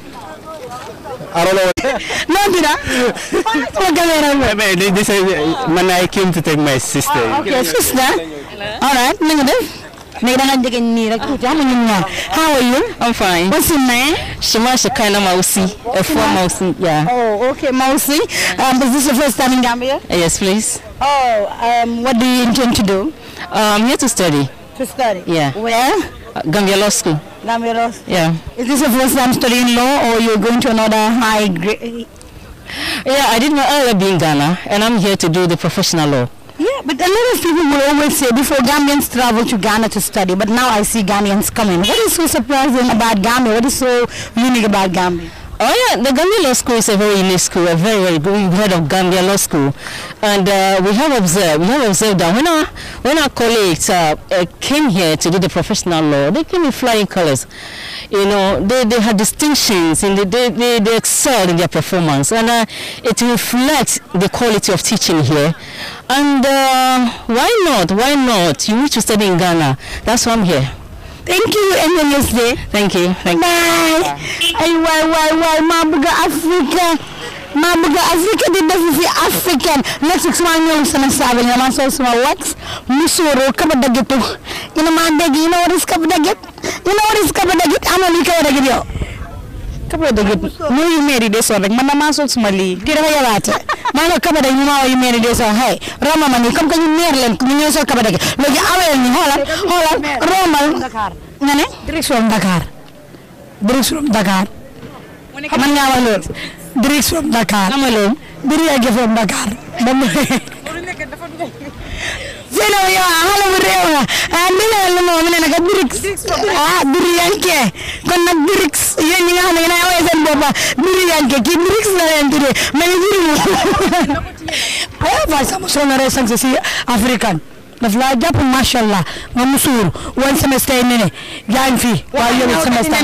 I don't know. no, did I? I mean, this is when I came to take my sister. Oh, okay, sister. All right, Nanga. Ah. How are you? I'm fine. What's your name? Shema Shekana Mausi. A four Mausi, yeah. Oh, okay, Mausi. Um, is this your first time in Gambia? Yes, please. Oh, um, what do you intend to do? Uh, I'm here to study. To study? Yeah. Where? Uh, Gambia Law School. Gambia Law School? Yeah. Is this your first time studying law or you're going to another high grade? Yeah, I did my earlier in Ghana and I'm here to do the professional law. But a lot of people will always say before Gambians travel to Ghana to study, but now I see Ghanaians coming. What is so surprising about Gambia? What is so unique about Gambia? Oh yeah, the Gambia Law School is a very elite school, a very, very good. We've heard of Gambia Law School, and uh, we have observed, we have observed that when our when our colleagues uh, uh came here to do the professional law, they came in flying colors. You know, they, they had distinctions, and the, they, they they excelled in their performance, and uh, it reflects the quality of teaching here. And uh, why not? Why not? You need to study in Ghana. That's why I'm here. thank you NNSD. thank you thank you bye. ay waay waay maa bëgg Afrique maa bëgg Afrique di def fi africaine léegi su ma ñëw sama saabu ma sol sama wax musoro kaba dagitu ina ma dégg ina waris kaba dagit ina waris kaba dagit ana li kaba dagit yow kaba dëgg ñoo yu meeri de soor rek man na maa sol suma lii kii dafa yabaate maa nga kaba dëgg ñu maa yu meeri de soor hay roma ma nii comme que ñu meer leen ñu ñoo sol kaba dëgg léegi aweel ñu xoolal xoolal romal nga ne direction Dakar direction Dakar man ngaa wax loolu direction Dakar dama loolu diri ak jëfoom Dakar Seynaba yow ah xale bu réew la ah ndigal lu moom ah Biriyanke kon nag nga xam ne yéen a woowee seen na Biriyanke kii Brix la leen tuddee mais ni biri mu si africain daf laa jàpp macha allah nga musuur woon semestre yi ne ne yaa ngi fi. waaw yow semestre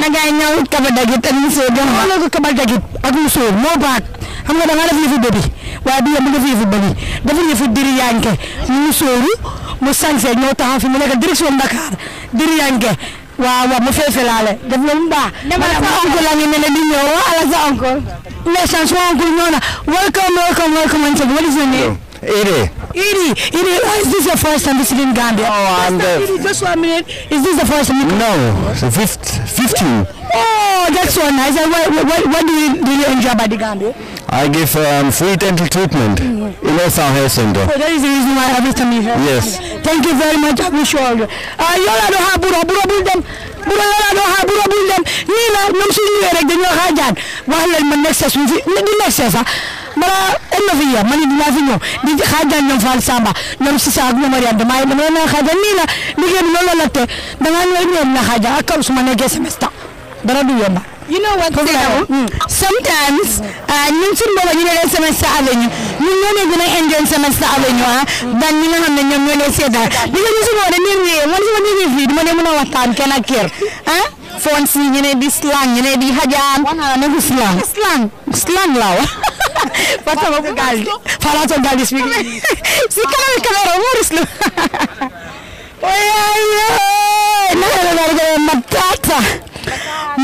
kaba dagit ak musuur. moo baat. xam nga da ngaa def yëfu bébé waaye bi yow diri yanke mu sóoru mu sañse ñëw taxaw fi mu nekk direction Dakar diri yanke waaw waaw mu feefelaale def na mu baax. demal sa oncle la ngi ne ne di ñëw woo ala sa oncle. les chance sama oncle ñëw na welcome welcome welcome and what is your name. Iri. Iri, Iri, is this your first time visiting Gambia? Oh, I'm the... I give um, free dental treatment mm -hmm. in Osa Health Center. So that is the reason why I have come here. Yes. Thank you very much. I wish you all. the do Yola doha bura bura dem. Bura yola doha bura buro Nila dem. Ni la ñom suñu ñëw rek dañu xaa jaan. Wax lañ ma next sa suñu fi di next sa mara enna fi ya mani di fi nyo. di hajan nyo fal samba ñom ci sa agno mariyan. mariam dama dama na hajan. Nila ni la liggéey bi loolu la te da nga ñëw ñom na xaa jaan ak kam suma nekkee dara du yomba you know what Seynabou hmm. sometimes uh, ñun suñu booba ñu ne leen Semester Avenue ñun ñoo leen gën a enjoy Semester Avenue ah ban ñi nga xam ne ñoom ñoo leen seetaan di nga ñu suñu woon dañuy ñëwee man su ma ñëwee fii dama ne a waxtaan kenn ak kenn ah. ñu ne di slang ñu ne di xajaan ne ko slang slang slang laa wax fatama ko gaal falato gaal si kanam caméra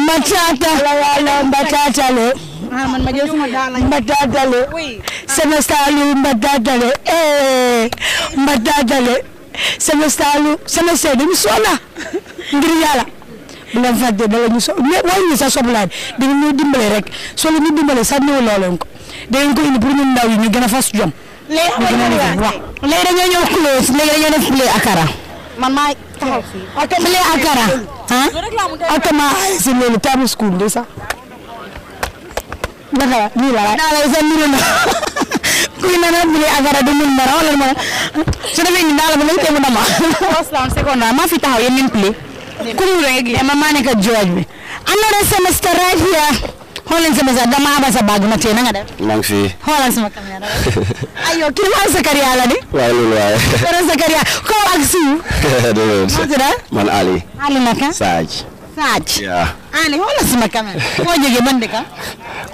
mbatata mbatata le ah, mbatata le sama saalu mbatata le eh mbatata le sama saalu sama seede mi sola ngir yàlla bu leen fàtte bala ñu so wala ñu sa soblaat di ñu dimbale rek soo leen dimbale sax néew loo leen ko dangeen ko indi pour ñun ndaw yi ñu gën a fas jom. léegi awa ñëw waaw léegi dañoo ñëw close léegi dañoo def play akara. man maa taxaw fii. play akara. akama si loolu taamu school de la nii la naa lay sax niru na kuy nana bile agara du mara wala ma su demee ni daal ba lay teemu dama first round second round maa fi taxaw yeneen play kuru rek ma maa nekk jooj bi another semester right here xool leen sama sa dama abal sa baag ma téye na nga def. maa ngi fi. xoolal sama caméra aywa ah? man Ali. Ali naka. Saaj. Saaj.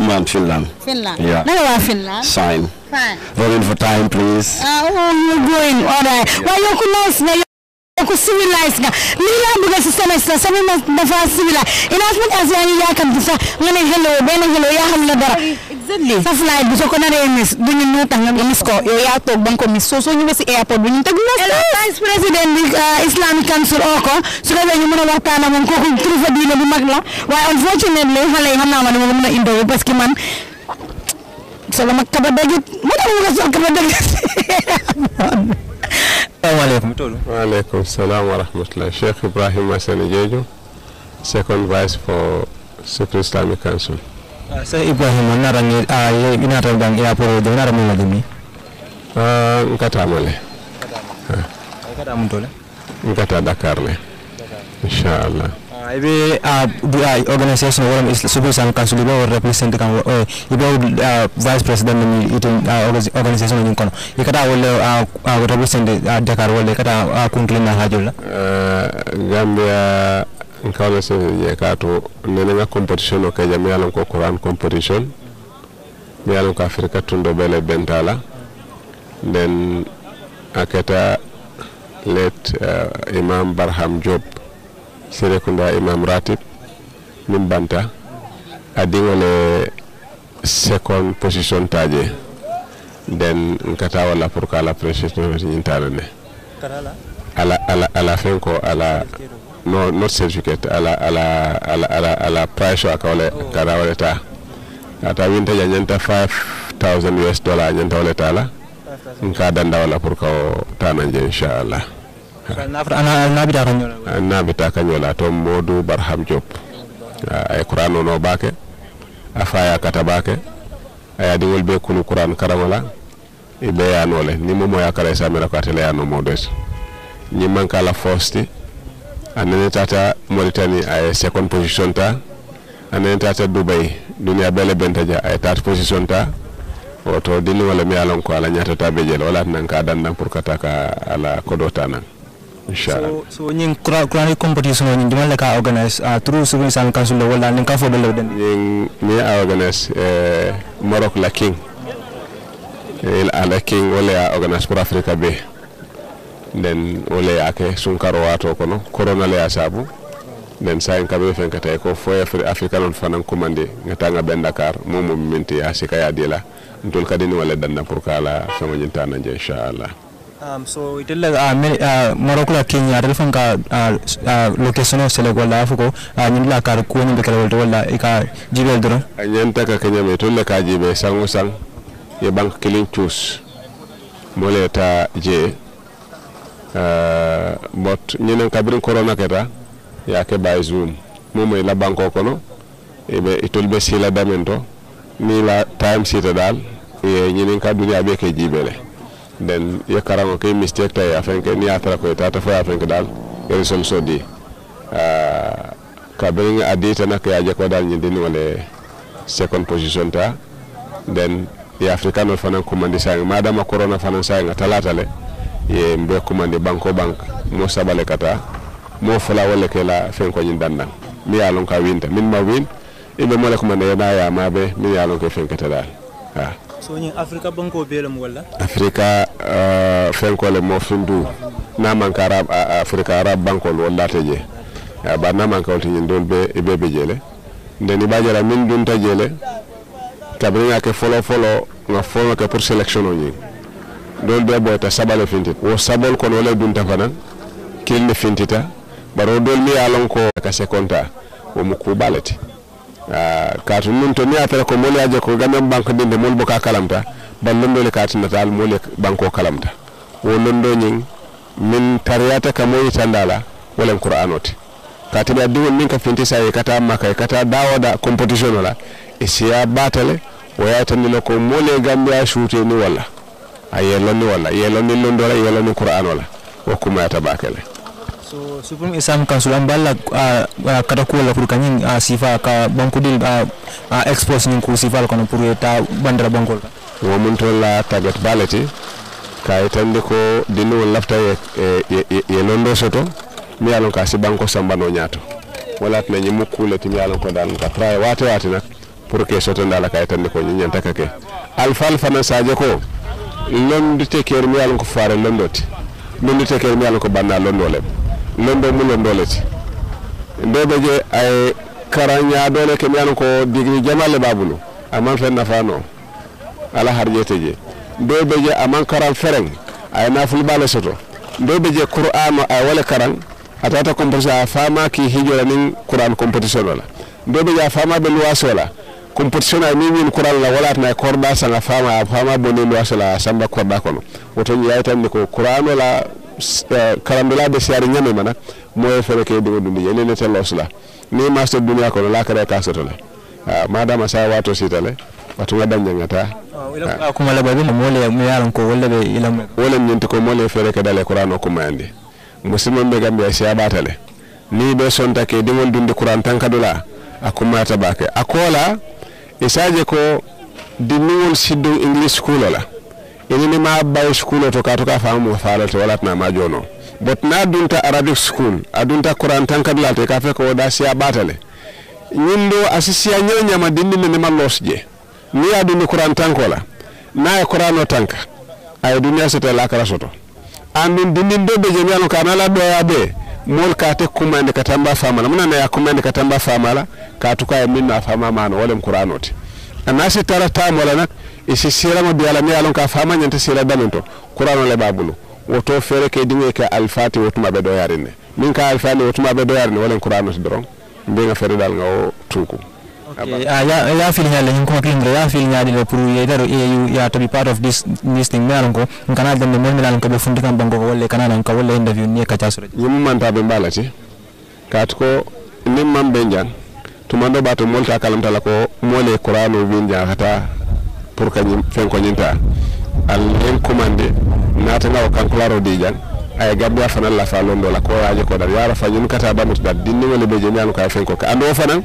man Finland. Finland. waaw naka waa Finland. Fine. Ah, oh, Fine. ko civilise nga lii laa bëgg si semestre semestre dafa civilise enough mu as yaa ngi yaakamti nga ne hello benn hello yaa xam la dara sa flight bi soo ko naree mis du ñu nuu tax nga mis ko yow toog ba ko mis soo soo ñëwee si airport bi ñu teg na vice président uh, Islamic Council oo oh, ko su ko defee ñu mën a waxtaan ak moom kooku kilifa diine bu mag la waaye unfortunately xale yi xam naa ma dama ko a indoo parce que man Salamat kabadagit. Muna mo ka sa kabadagit. Assalamu alaikum. Wa alaikum salam wa rahmatullah. Sheikh Ibrahim Masani Jeju, second vice for Secret Islamic Council. Ah, Sheikh Ibrahim narangi ayo ah, inara bang ya puru de nara mula demi. Ah, ngkata male. Ngkata male. Ngkata mule. Ngkata Dakar le. Insyaallah. Ah, ibe uh, organization wala super san council kan ibe represent kan eh, ibe uh, vice president ni itin uh, organization ni kono ikata wala uh, represent uh, Dakar wala ikata uh, kuntulin na hajola uh, eh, Gambia nkawla se je kato nene nga competition o kajam yalam ko Quran competition yalam ko Afrika tundo bele bentala then aketa let uh, Imam Barham Job Serekunda Imam Ratib min banta adiŋole second position taje den nkata wala pour kala precision ñintala ne ala ala ala fen ko ala no not certificate ala ala ala ala ala price wa kawle kada wala ta ata winta ja nyanta 5000 US dollar nyanta wala ta la nka danda wala pour ko tananje inshallah naɓita kañola toon modou barham diop ah, ay qouran o no baake a kata baake a yaadiŋol be kunu qouran karaŋola i be yanole ni momoya kara isamira ko atele yano modoyto ñiŋ maŋ ka la fosti a tata maritani ay ye second position ta a nene tata dubai duniya bele benta ja a ye position ta woto dinniŋo le miŋ ye ko ala ñatata be je le wo le atinanka pour ka ta ka ala kodo ta inshallah so so nyin kurani competition nyin dimal ka organize uh, through so san council wala nin ka fodo lawden nyin ni organize eh morok la king el eh, ala king wala ya organize pour africa be den wala ya ke sun karo wato kono corona le ya sabu den sayin kabe fen kata ko foya fri africa non fanan commandé ngata nga ben dakar momo minti ya sikaya dila ndol kadini wala danna pour kala sama nyinta na inshallah Um, so itel uh, uh, le uh, uh, moroko la kenya atel fan ka uh, uh, location o selek walla afo ko uh, ñin kar kuwo ñin be kala wolto walla ka jibel doron a ñanta ka kenya me tol le ka jibe sangu sang ye bank kilin cuus mole ta je uh, bot ñinen kabirin corona keta ya ke bay zoom mumoy la banko kono ibe itol be sila damen to ni la time sita dal ye ñinin ka duniya be ke jibele ye yekkarago ke mistake tay afin que ni yatara koye tata fo afin que dal e resol soddi ah, ka beriŋe addi tana ko yaje jeko dal ni wonde second position ta nden e africano fanan commandi saŋ madama corona fanan saŋa talata le ye mbe commandi banko bank mo sabale kata mo fula wolle ke la fen ko ñin dandan mi ya lon ka winta min ma win imbe mole commandi yena yamaɓe min ya lon ke ta dal a ah soñin africa banko belem walla africa uh, fenkole mo findu namanka arab africa arab bankol wallate je bar namankawol tiñin ɗon ɓe ɓeɓe jeele nden ba jara min dunta jeele kabiriŋa ke folo folo ŋa foŋa ke pour sélection o ñiŋ doolu bee boyta sabale fintit wo sabol kono wo le dunta fanaŋ kil ne fintita bari wo doolu miŋ ye a ko ka sekonta wo mu kuuba le Ah, kaatu nun to ni a tara ko moolu ye a je ko gambian banque dinde moolu boka kalamta ban londo le kaatinata al moolu ye banko kalamta wo londo ñiŋ min tariyata ka moolu tanda la walaŋ qur'ano ti kaatiri a diŋol niŋ ka finti saa ye ka taa maka ye ka taa daawo da competitiono la i e siya baata le wo ye tandi la ko moolu ye a suutee ni walla a ye ni walla ye lonni londo la ye lonni qur'ano la wo kumayata baake le so supreme exam a an balla uh, uh, kata kuola pour kañin uh, sifa ka bankudil uh, ah, uh, ah, expose ñin ku sifal kono pour ta bandira bankol ka wo mun tolla target balati ka a ko dindiwol lafta ye, ye, ye, ye londo soto mi yalon ka si banko sambano ñaato wala tna ñi mukkule ti mi yalon ko dal ka traye wate wate nak pour ke soto ndala ka itande ko ñiñanta kake alfal fana sadio ko londi te ker mi yalon ko faare londoti londi te ker mi yalon ko banna lombe lombe leti ndebe je ay karanya dole ke miyan ko digri jamal babulu aman fe nafano ala harjete je ndebe je aman karam fereng ay naful bala soto ndebe je qur'an ay wala karang atata komposa fama ki hijora nin qur'an competition wala ndebe je fama be luwasola competition ay min qur'an la wala na korda sanga fama fama bo luwasola samba korda kono woto yayitan ko qur'an la Eh, karanɗulaaɓe si aɗa ñamima nak moye fene ke ɗigo ɗum ɗije nene ten losla ni master duniya kono lakare kasotola ah, madama sa wato sitale watuga dañangata wolem ñinti ko mole fere ke dale kuran o kumayandi musidmon ɓe gambiya si a ɓatale ni ɓe sontake ɗigol dunde kuran tan kadula a kumayata bake a koola e saje ko dinniŋol siddon english school ola ni ma bay school to ka to ka fa mo fala to wala na ma jono but na dun ta arabic school adun ta quran tan kadla te ka fe ko da siya batale nyindo asisia nyonya dinni ne ma je ni aduni quran tan ko la na e quran o tan ka ay dunya sete la kara soto andun dinni do be je nyano kana la do ya be mol ka te kuma kumande katamba famala muna na ya kuma kumande katamba mala ka to ka min na fa ma ma no wala quran o oti anasi tara tam wala nak isi silama biyala mi alon ka fama nyante sila damen to qur'ano le babulu woto fere ke dinge ka alfati wotuma be do ne min ka alfani wotuma be do ne wala qur'ano to doron be nga fere dal nga o tunku Okay. Uh, ya fili feel nyale nko hakindre ya feel nyale lo pru ye daro EU ya to be part of this this thing melo nko nkana de mo melo nko be fundi bongo bango wala kana nan ka wala interview ne ka chasure yim man ta be mbalati katko nim man benjan tumando bato mol ta kalam tala ko mole qur'ano winja hata pour kañum fen ko ñinta allah hen commandé natanga o kankularo dijan aya gambe a fanan lafa londo la ko yaje ko dar yara fanyun kata ba mutu dar dinne wala be je nyanu ka fen ko ando fanan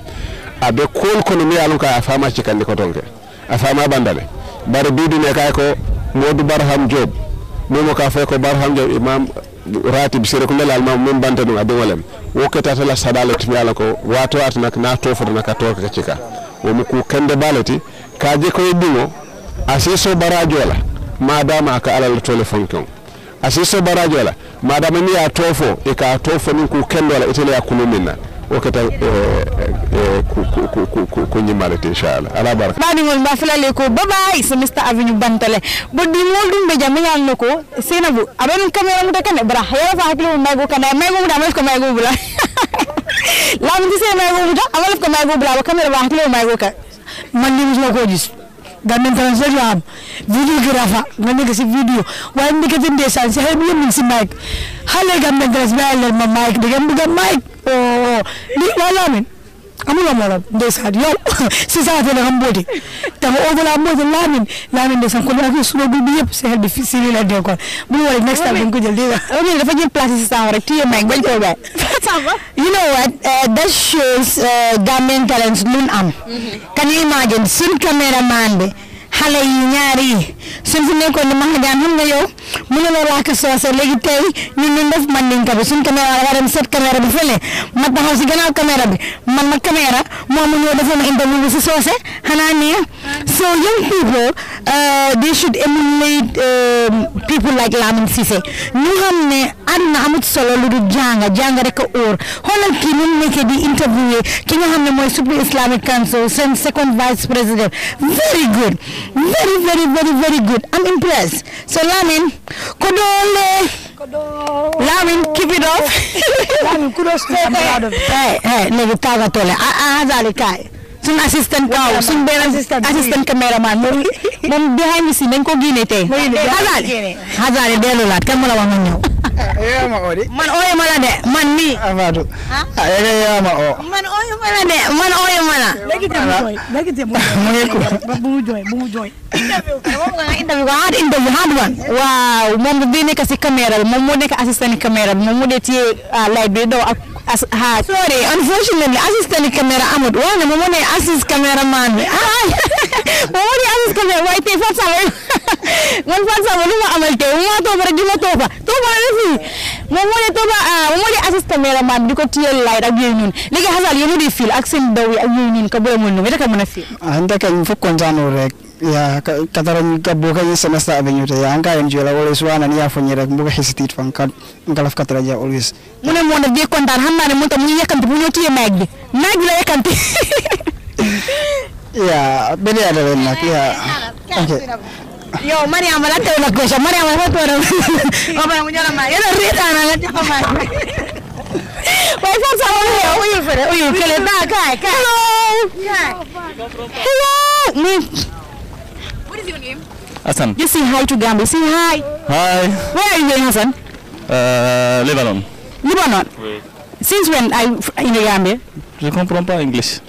abe kol ko no yalu ka afama cikandi ko tonke afama bandale bare bidu ne kay ko modu barham job momo ka fe ko barham job imam ratib sere ko melal mam mum banta dum abe walem wo kata tala sadala tumi ala ko wato atnak na tofo na ka to ka cika wo mu ku kande balati ka ko dingo a siso barajo la madama aka alala tole fonkion a siso barajo la madama ni ya tofo e ka tofo nin eh, eh, eh, ku kendo la itele ya kulumin na o kata ko ñimmale te inchallah ala baraka baɗigol mba filale ko babay so mista avenue bantale ɓoddi molɗum ɓe jam miñalno ko seynabou aɓen caméra muta kane bara yala fa hakkille mum maygo kanda maygo muta amalef ko maygo bula lamdi sey maygo muta amalef ko maygo bula wa caméra ba hakkille o maygo kan mandimutno ko jus gannen tan sori am videographer ganndeke si vidéo way ndekete ndeysaan si hay yemin si mike haale gannen tan si ɓe allah ma mike ndegem buga mike o ni walamin amuloo morom ndeysaan yow si saa te xam mbóote dafa overlaa mbóote laamin laamin ndeysaan kon ak suba bi yëpp si xel bi fii si lii la dee kon bu ñu waree next time dañ ko jël dégg nga dafa jël place si saa rek téye mic bañ ko bàyyi you know what uh, that shows uh, nun am mm-hmm. can imagine sun cameraman bi xale yi ñaar yi suñ fi nekkoon ni Maha Jaan xam nga yow mënuloo làkk soose léegi tey ñun ñu def man niñ ko bi suñ caméra la dem seet caméra bi fële ma taxaw si gannaaw caméra bi man ma caméra moom mu ñëw dafa ma interview bi si soose xanaa nii so young people euh, they should emulate euh, people like Lamin Cissé ñu xam ne àdduna amut solo lu du jàng jàng rek a óor xoolal kii nu mu nekkee di ki nga xam ne mooy Supreme Islamic Council seen second vice president very very very very good i'm impressed so lamin kodole lamin keep lamin kudos to you i'm proud of you hey hey negi suñu assistant waaw suñu benn assistant caméraman moom moom behind the scene dañ ko génne tey xasaale xasaale dellu laat kan ma la wax ma ñëw man ooyu ma la de man mii ah, Fatou ah yéen a yaa ma oo man ooyu ma la de man ooyu ma la léegi te mu jooy léegi te mu jooy bu mu jooy bu mu jooy interview ko hard interview hard one waaw moom bi nekk si caméra bi moom moo nekk assistant caméra bi moom moo dee téye ah, light bi daw ak as ha sorry unfortunately assistant camera amut wala mo mo ne assist cameraman bi ah mo ne assist camera waaye tey Fatou Saba man Fatou Saba lu ma ne toog ah mo mo ne assist cameraman di ko tiyel lay ak yooyu noonu léegi xasal yéen di fil ak seen daw yi ak yooyu noonu ka boole mo ñu rek a mën a fil ah ndeke ñu fa kontaanoo ya kataran kabuka yi semester avenue te ya anka enjoy la always wana ni afo nyerek mbuga hesitate fan kan ngalaf katara ja always mune mo na be kontan hanna munta mu yakanti mu ñoti mag bi mag la yakanti ya bene ada len nak ya eh, eh, okay yo la te una cosa la te una vamos a muñala ma yo la rita na la te ma Why is Hassan. Just say hi to Gambia. Say hi. Hi. Where are you going, Hassan? Uh, Lebanon. Lebanon? Oui. Since when are you in the Gambia? Je comprends pas English.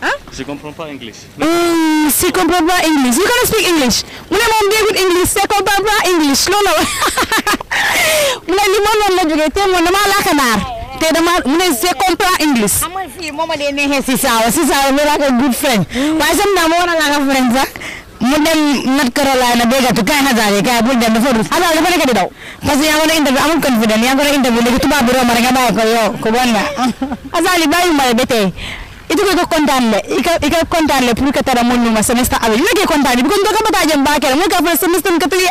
Huh? Je comprends pas English. Mm, je comprends pas English. You gonna speak English. Mu ne moom déggul English. Je comprends pas English. Loolu mu ne li ma noonu la jógee te moom damaa laaka naar te dama mu ne je comprends English. Amal fii moom a dee neexee si saawa si saawa mu raaka good friend. Mm. Waaye sam naa ma war a laaka friend sax. mu dem North Carolina ba gàtt kaay na zaale kaay bul dem dafa rus xanaa ah, dafa nekk di daw parce que yaa ngi doon interview amul confident yaa ngi doon interview léegi tubaab bi romb rek nga bàyyi ko yow ko bon nga azali bàyyi ma ba tey ke kontaan bi ka bata jam bakere ka fa semester ka tali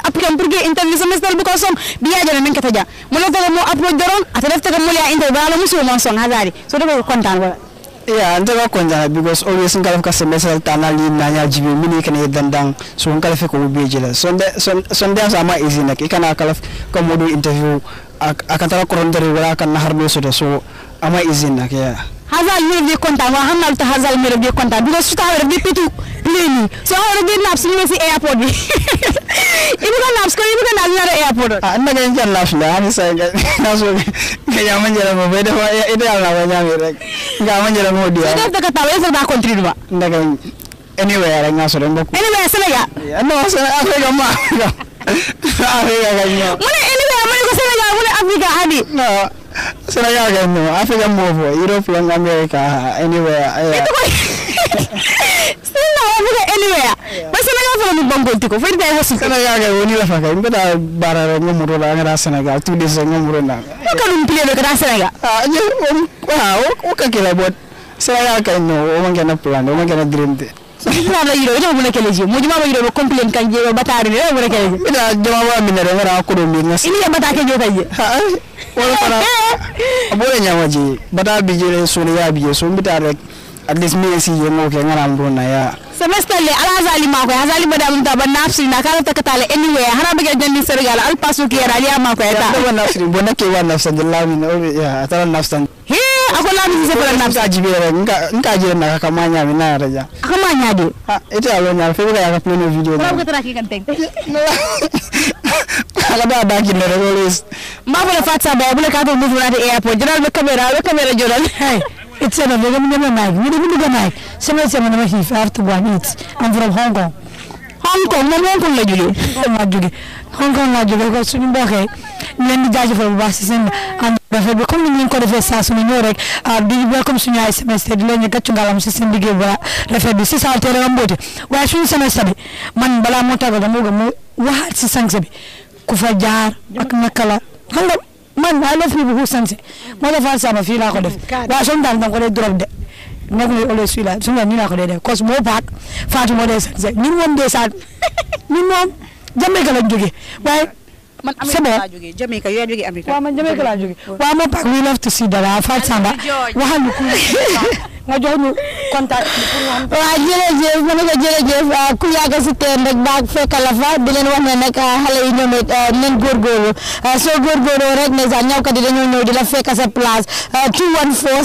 interview semester bu ko som biya jara men ka taja mo la ko mo approach doron ata def ta mo la interview la musu mon son hazari so do ko kontaan wala Iya, ante ka because always n kalafi ka semesel ta na li nanya jibe mini kana dandan so n kalafi jila so, nde so nde asa ma easy nak ikana kalafi ka modu interview akantara korondere wala kan na harno so so ama easy nak yeah Hazal mi def dee kontaan waaw xam naa lu tax Hazal mi def dee kontaan because su taxawee daf dee pétu léegi nii soo xawee daf dee naab su ñu ne si airport bi ibu ko naab su ko ibu ko naab ñu ne airport ah na ngeen jël naab la ani ah, sa nga na so nga ya man jël mo bay dafa ite yàlla na ma ñaami rek nga man jël mo di def daga taw est-ce que da contribue ba ndaga anyway rek nga so dem bokk anyway Sénégal no Afrique ma Afrique ga ñoo mu ne anyway mu ne ko Sénégal mu ne Afrique hadi Sénégal kay no Africa moofu Europe long America anywhere anywhere ba Sénégal fana mi bangontiko fo ɗita wasu Sénégal kay woni lafa kay mbeta barare ngomuroɗa ngata Sénégal tout des ngomuroɗa o ka ɗum pile ɗo kata Sénégal o ka kila bot Sénégal kay no o mangena plan o mangena dream de so miñimaɓa yiɗo ito bune keleji mo jumama yiɗo ɓe complain kan jeeɓe batari ne bune keleji mbiɗa jomama minne ɗo gara hakkuɗo mbirna iniye batake je tan je wona fana aɓoɗe ñama jeeyi batari bi jeere sone yaabi je so mbita rek at least mi esi yo mo ke ngara mbo na ya semester le ala zali ma ko azali bada mun ta ban nafsi na kala ta katale anywhere hana bage janni sergal al pasu ke ra ya ma ko ya ta ban nafsi bo na ke wa nafsan dillahi na ya atala nafsan he akola mi se fara nafsa jibere nka nka je na kama nya mi na raja kama nya de ha ita ka pleno video na ko tra ke kan teng ala ba ba ki mere always ma bula fatsa ba ka to mu fura de It's seven. We're going to get my mic. We're going to Hong Kong. Hong Kong. Man, Hong Kong la jóge. suñu mbokk yi ñu leen di bu baax si seen ànd rafet bi comme ni ngeen ko defee saa su ne ñëw rek di welcome suñu ay semestre bi si saa waaye suñu semestre bi man balaa moo tàggatoo dama bëgg mu waxaat si sanse bi jaar ak naka la xam man maa def bu ko sanse moo defar sama fii laa ko def mm, waaye soog daal ko dee drop de nekk na olof fii laa su ma nii laa ko dee def cos moo paak Fatou moo dee sanse ñun moom dee saat ñun moom Jamaica lañ jógee waaye. man Amérique laa jógee Jamaica yow yaa jógee Amérique. waaw man Jamaica contact waaw jërëjëf ma ne ku yàgg teen rek baag fekk fa di leen wax ne nag ah, xale yi ñoom it ah, nen góorgóorlu ah, soo góorgóorloo rek ne sax ñawkat yi dañoo ñëw di la fekk sa place 214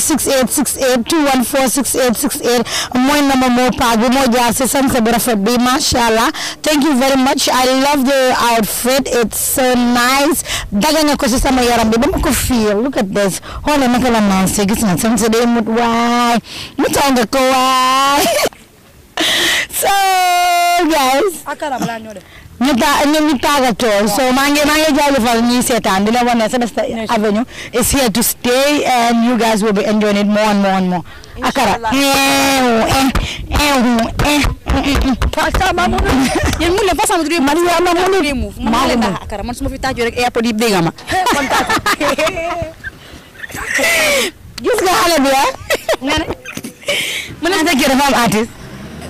68 68 214 68 68 mooy na ma moo paag bi moo jaar si sanse bu rafet bi macha allah thank you very much I love the outfit it's so nice daga nga ko si sama yaram bi ba ma ko feel look at this xoolal naka la naan gis ko waay so guys ñu ta ñu tàggatoo so maa ngi maa ngi jaajëfal ñi seetaan di la wane Semester Avenue is here to stay and you guys will be enjoying it more and more and more akara sama munu ñen mu le façon du man ya ma munu ma le na akara man suma fi taajo rek airport yëpp dégg ma kontaan gis nga xale bi ah? mu ne sa kii dafa am artiste.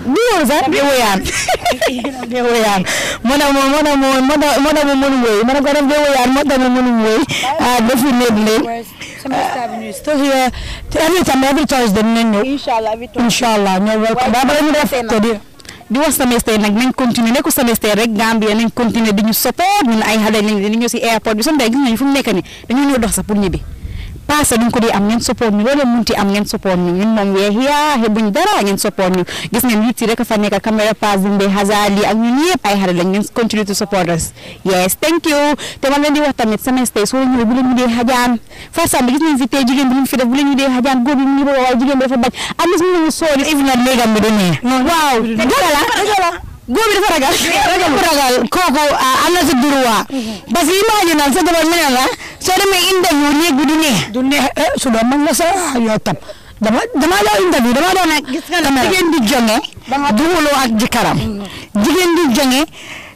du loolu sax de woyaan de woyaan ma ne ma ma ne ma ma ne ma mënu wéy ma ne ko def de woyaan ma tamit mënu wéy ah defu néeg léeg. te every time every Thursday dinañ ñëw. incha allah ñoo welcome ba pare ñu def te di di wax semester nag nañ continuer nekku semester rek Gambia nañ continuer di ñu support ñun ay xale lañ leen di ñëw si airport bi sunu day gis nañ fu mu nekk nii dañoo ñëw dox sax pour ñibbi. passé duñ ko di am ngeen support ñu loolu munti am ngeen support ñu ñun moom wee xiya xebuñ dara ngeen support ñu gis ngeen witti rek fa nekk caméra pass dumbe hasali ak ñun yëpp ay xale lañ continue to support yes thank you te ma leen di wax tamit sama stay soo ñëwee bu leen ñu dee xajaan force gis ngeen fi tey jigéen bi ñu fi def bu leen ñu dee xajaan góor bi ñu ba waaye jigéen bi dafa bañ am na suñu waaw dëgg la góor bi dafa ragal ragal ragal kooku ah, am na sa droit mhm. sa jabar ah, mu soo demee interview néeg bi du neex eh, su doon mën la sa ah, yow tam dama dama doon interview dama doon nag jigéen di jonge du wuloo ak jikaram mhm. jigéen di jonge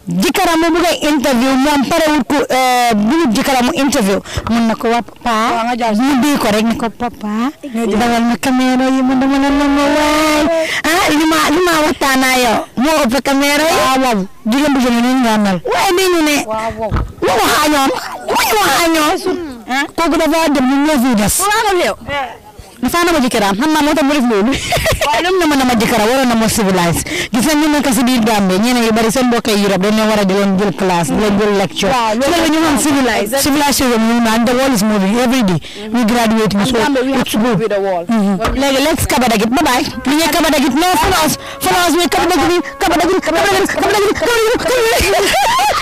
jëkkëram mu bëgg a interview moom parewut ko euh, bugut mu interview mun na ko waa papa mu ko rek ne ko papa dawal ma caméra yi man ah, ma li ma waxtaan waaye nii ñu ne lu waxaa ñoom hmm. ah, dafa dem ñu ñëw fii dafa nama jëkkëraam xam naa moo tax mu def loolu waaye lu mu nama nama jëkkëra waroon na ma civilise gis nañ ñu nekk si biir Gambie ñeneen yu bari seen mbokk yi Europe dañ leen war a di leen jël classe di leen jël lecture loolu ñu xam civilise civilise yooyu ñu naan the wall is moving every day we graduate we so it's good léegi let's kabadagit bye bye li ñuy kabadagit no follow us follow us we kabadagit kabadagit kabadagit kabadagit kabadagit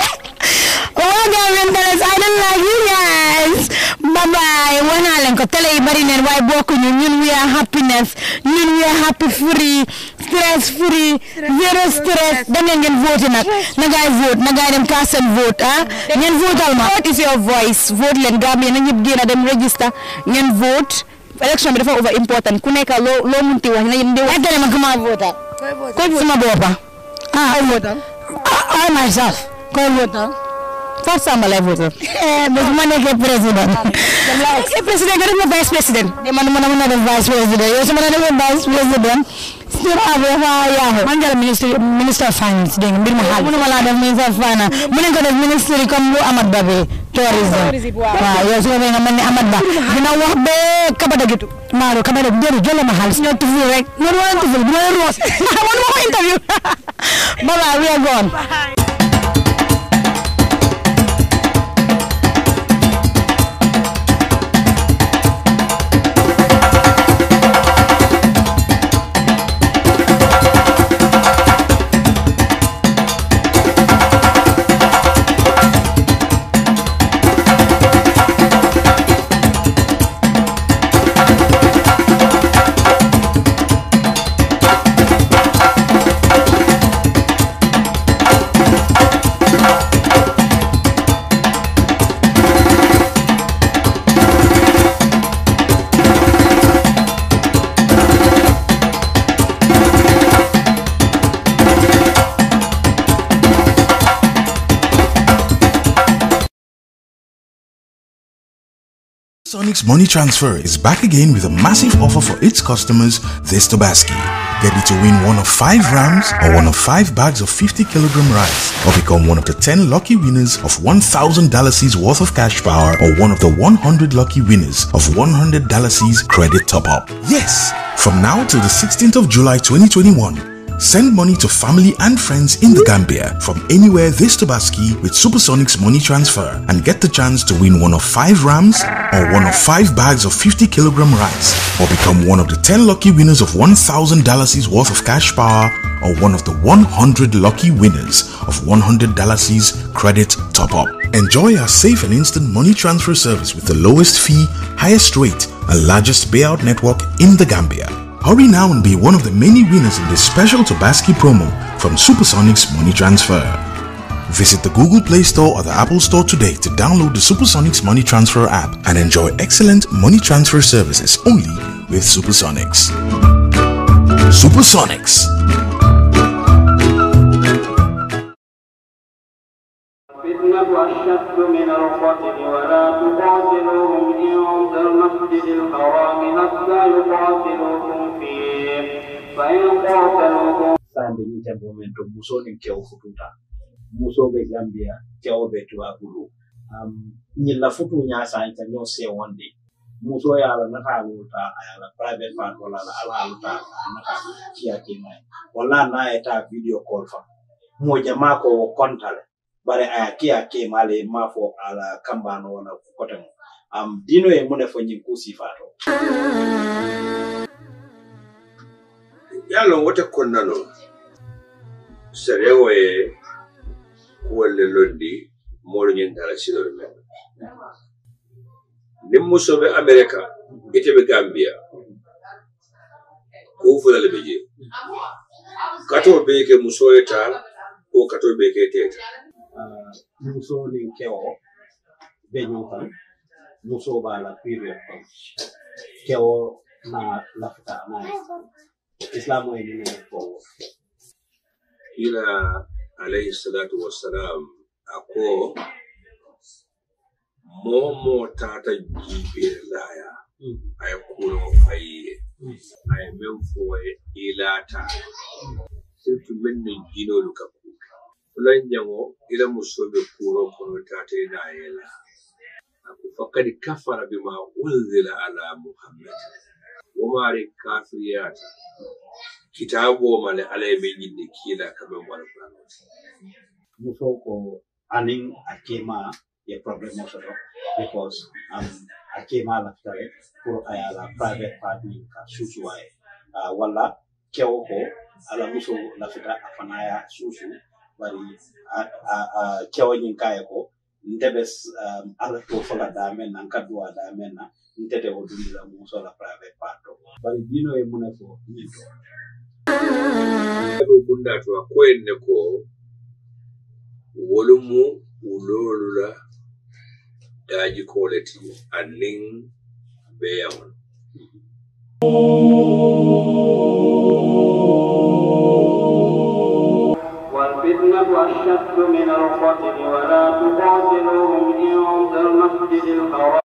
waaw Gambian Talents I don't like you guys bye bye naa leen ko télé yi bari neen waaye bokkuñu ñun we are happiness ñun we are happy free stress free zero stress dem leen vote nag na gaay vote na gaay dem kaas seen vote ah ngeen votal ma vote is your voice vote leen Gambia na ñëpp génn dem register ngeen vote élection bi dafa over important ku nekk loo munti wax na ndi wax dale ma ku ma votal koy ah. votal suma vote ah I myself koy foofu Samba lay foto ba su ma nekkee président ah, nekkee président nga def ma vice président de eh, man ma mën a def vice président yow su ma demee vice président sur affaire fa yaaxu man nga finance dégg ma xaalis mënuma laa ko def ministre comme lu Amad Ba bi tourisme waaw yow su ma demee nga mel ni Amad Ba dina wax ba kabadagitu maa do kabadagitu jëru jële ma xaalis ñoo tuful rek ñoo wala tuful bu ma roos man ma ko interview baba we are Money Transfer is back again with a massive offer for its customers this Tobaski. Get it to win one of five rams or one of five bags of 50 kilogram rice or become one of the 10 lucky winners of $1,000 worth of cash power or one of the 100 lucky winners of $100 credit top up. Yes! From now till the 16th of July 2021, Send money to family and friends in the Gambia from anywhere this Tobaski with Supersonic's money transfer and get the chance to win one of 5 rams or one of 5 bags of 50 kilogram rice or become one of the 10 lucky winners of $1,000 worth of cash power or one of the 100 lucky winners of $100 credit top up. Enjoy our safe and instant money transfer service with the lowest fee, highest rate and largest payout network in the Gambia. Hurry now and be one of the many winners in this special Tobaski promo from Supersonic's Money Transfer. Visit the Google Play Store or the Apple Store today to download the Supersonics Money Transfer app and enjoy excellent money transfer services only with Supersonics. Supersonics أشد من القتل ولا تقاتلوهم عند المسجد الحرام حتى يقاتلوكم فيه فإن قاتلوكم sambe gambia um, futu muso yala nataluta ayala private part nata walla na eta video call fa moja mako kontale bare aya ke a ke male ma fo ala kambano wala kotem am dino e mune fo nyin kusi fato yalo wote konnalo serewo e kuwalle londi moolu ñin tara sidol men nin musoɓe america iteɓe gambia ko fulale ɓe je kato ɓe musoye ta ko kato beke ke teta musoo niŋ kewoo be kaŋ musoo be a la kewoo naa naa ye niŋ wo ila alayhi salatu wassalam a ko moo moo taata jiibeere laaya mm. a ye kuuloo fayi ye a ye meŋ mm. fo ye surtout meŋ ka fulan ɲaŋo ila muso be kuro kono taate na ye la a kafara bima unzila ala muhammad womari kafiriyata kitaboma le ala ye min ñinni kiila kamen walkuranoti muso ko anin a kema ye problème o because um, a kema lafita le pour private part ka susuwa ye ah, kewo ko ala muso lafita a fana bari cewoñin kaye ko um, ala alato fola damen nan kadduwa damen na ntete o dumila mum sola prave patto bari dino e mune fo ñinto ɗo gunda to a koyenne ko wolumu wulolula daji koleti annin beyawon Oh mm-hmm. أشد من القتل ولا تقاتلوهم عند المسجد الحرام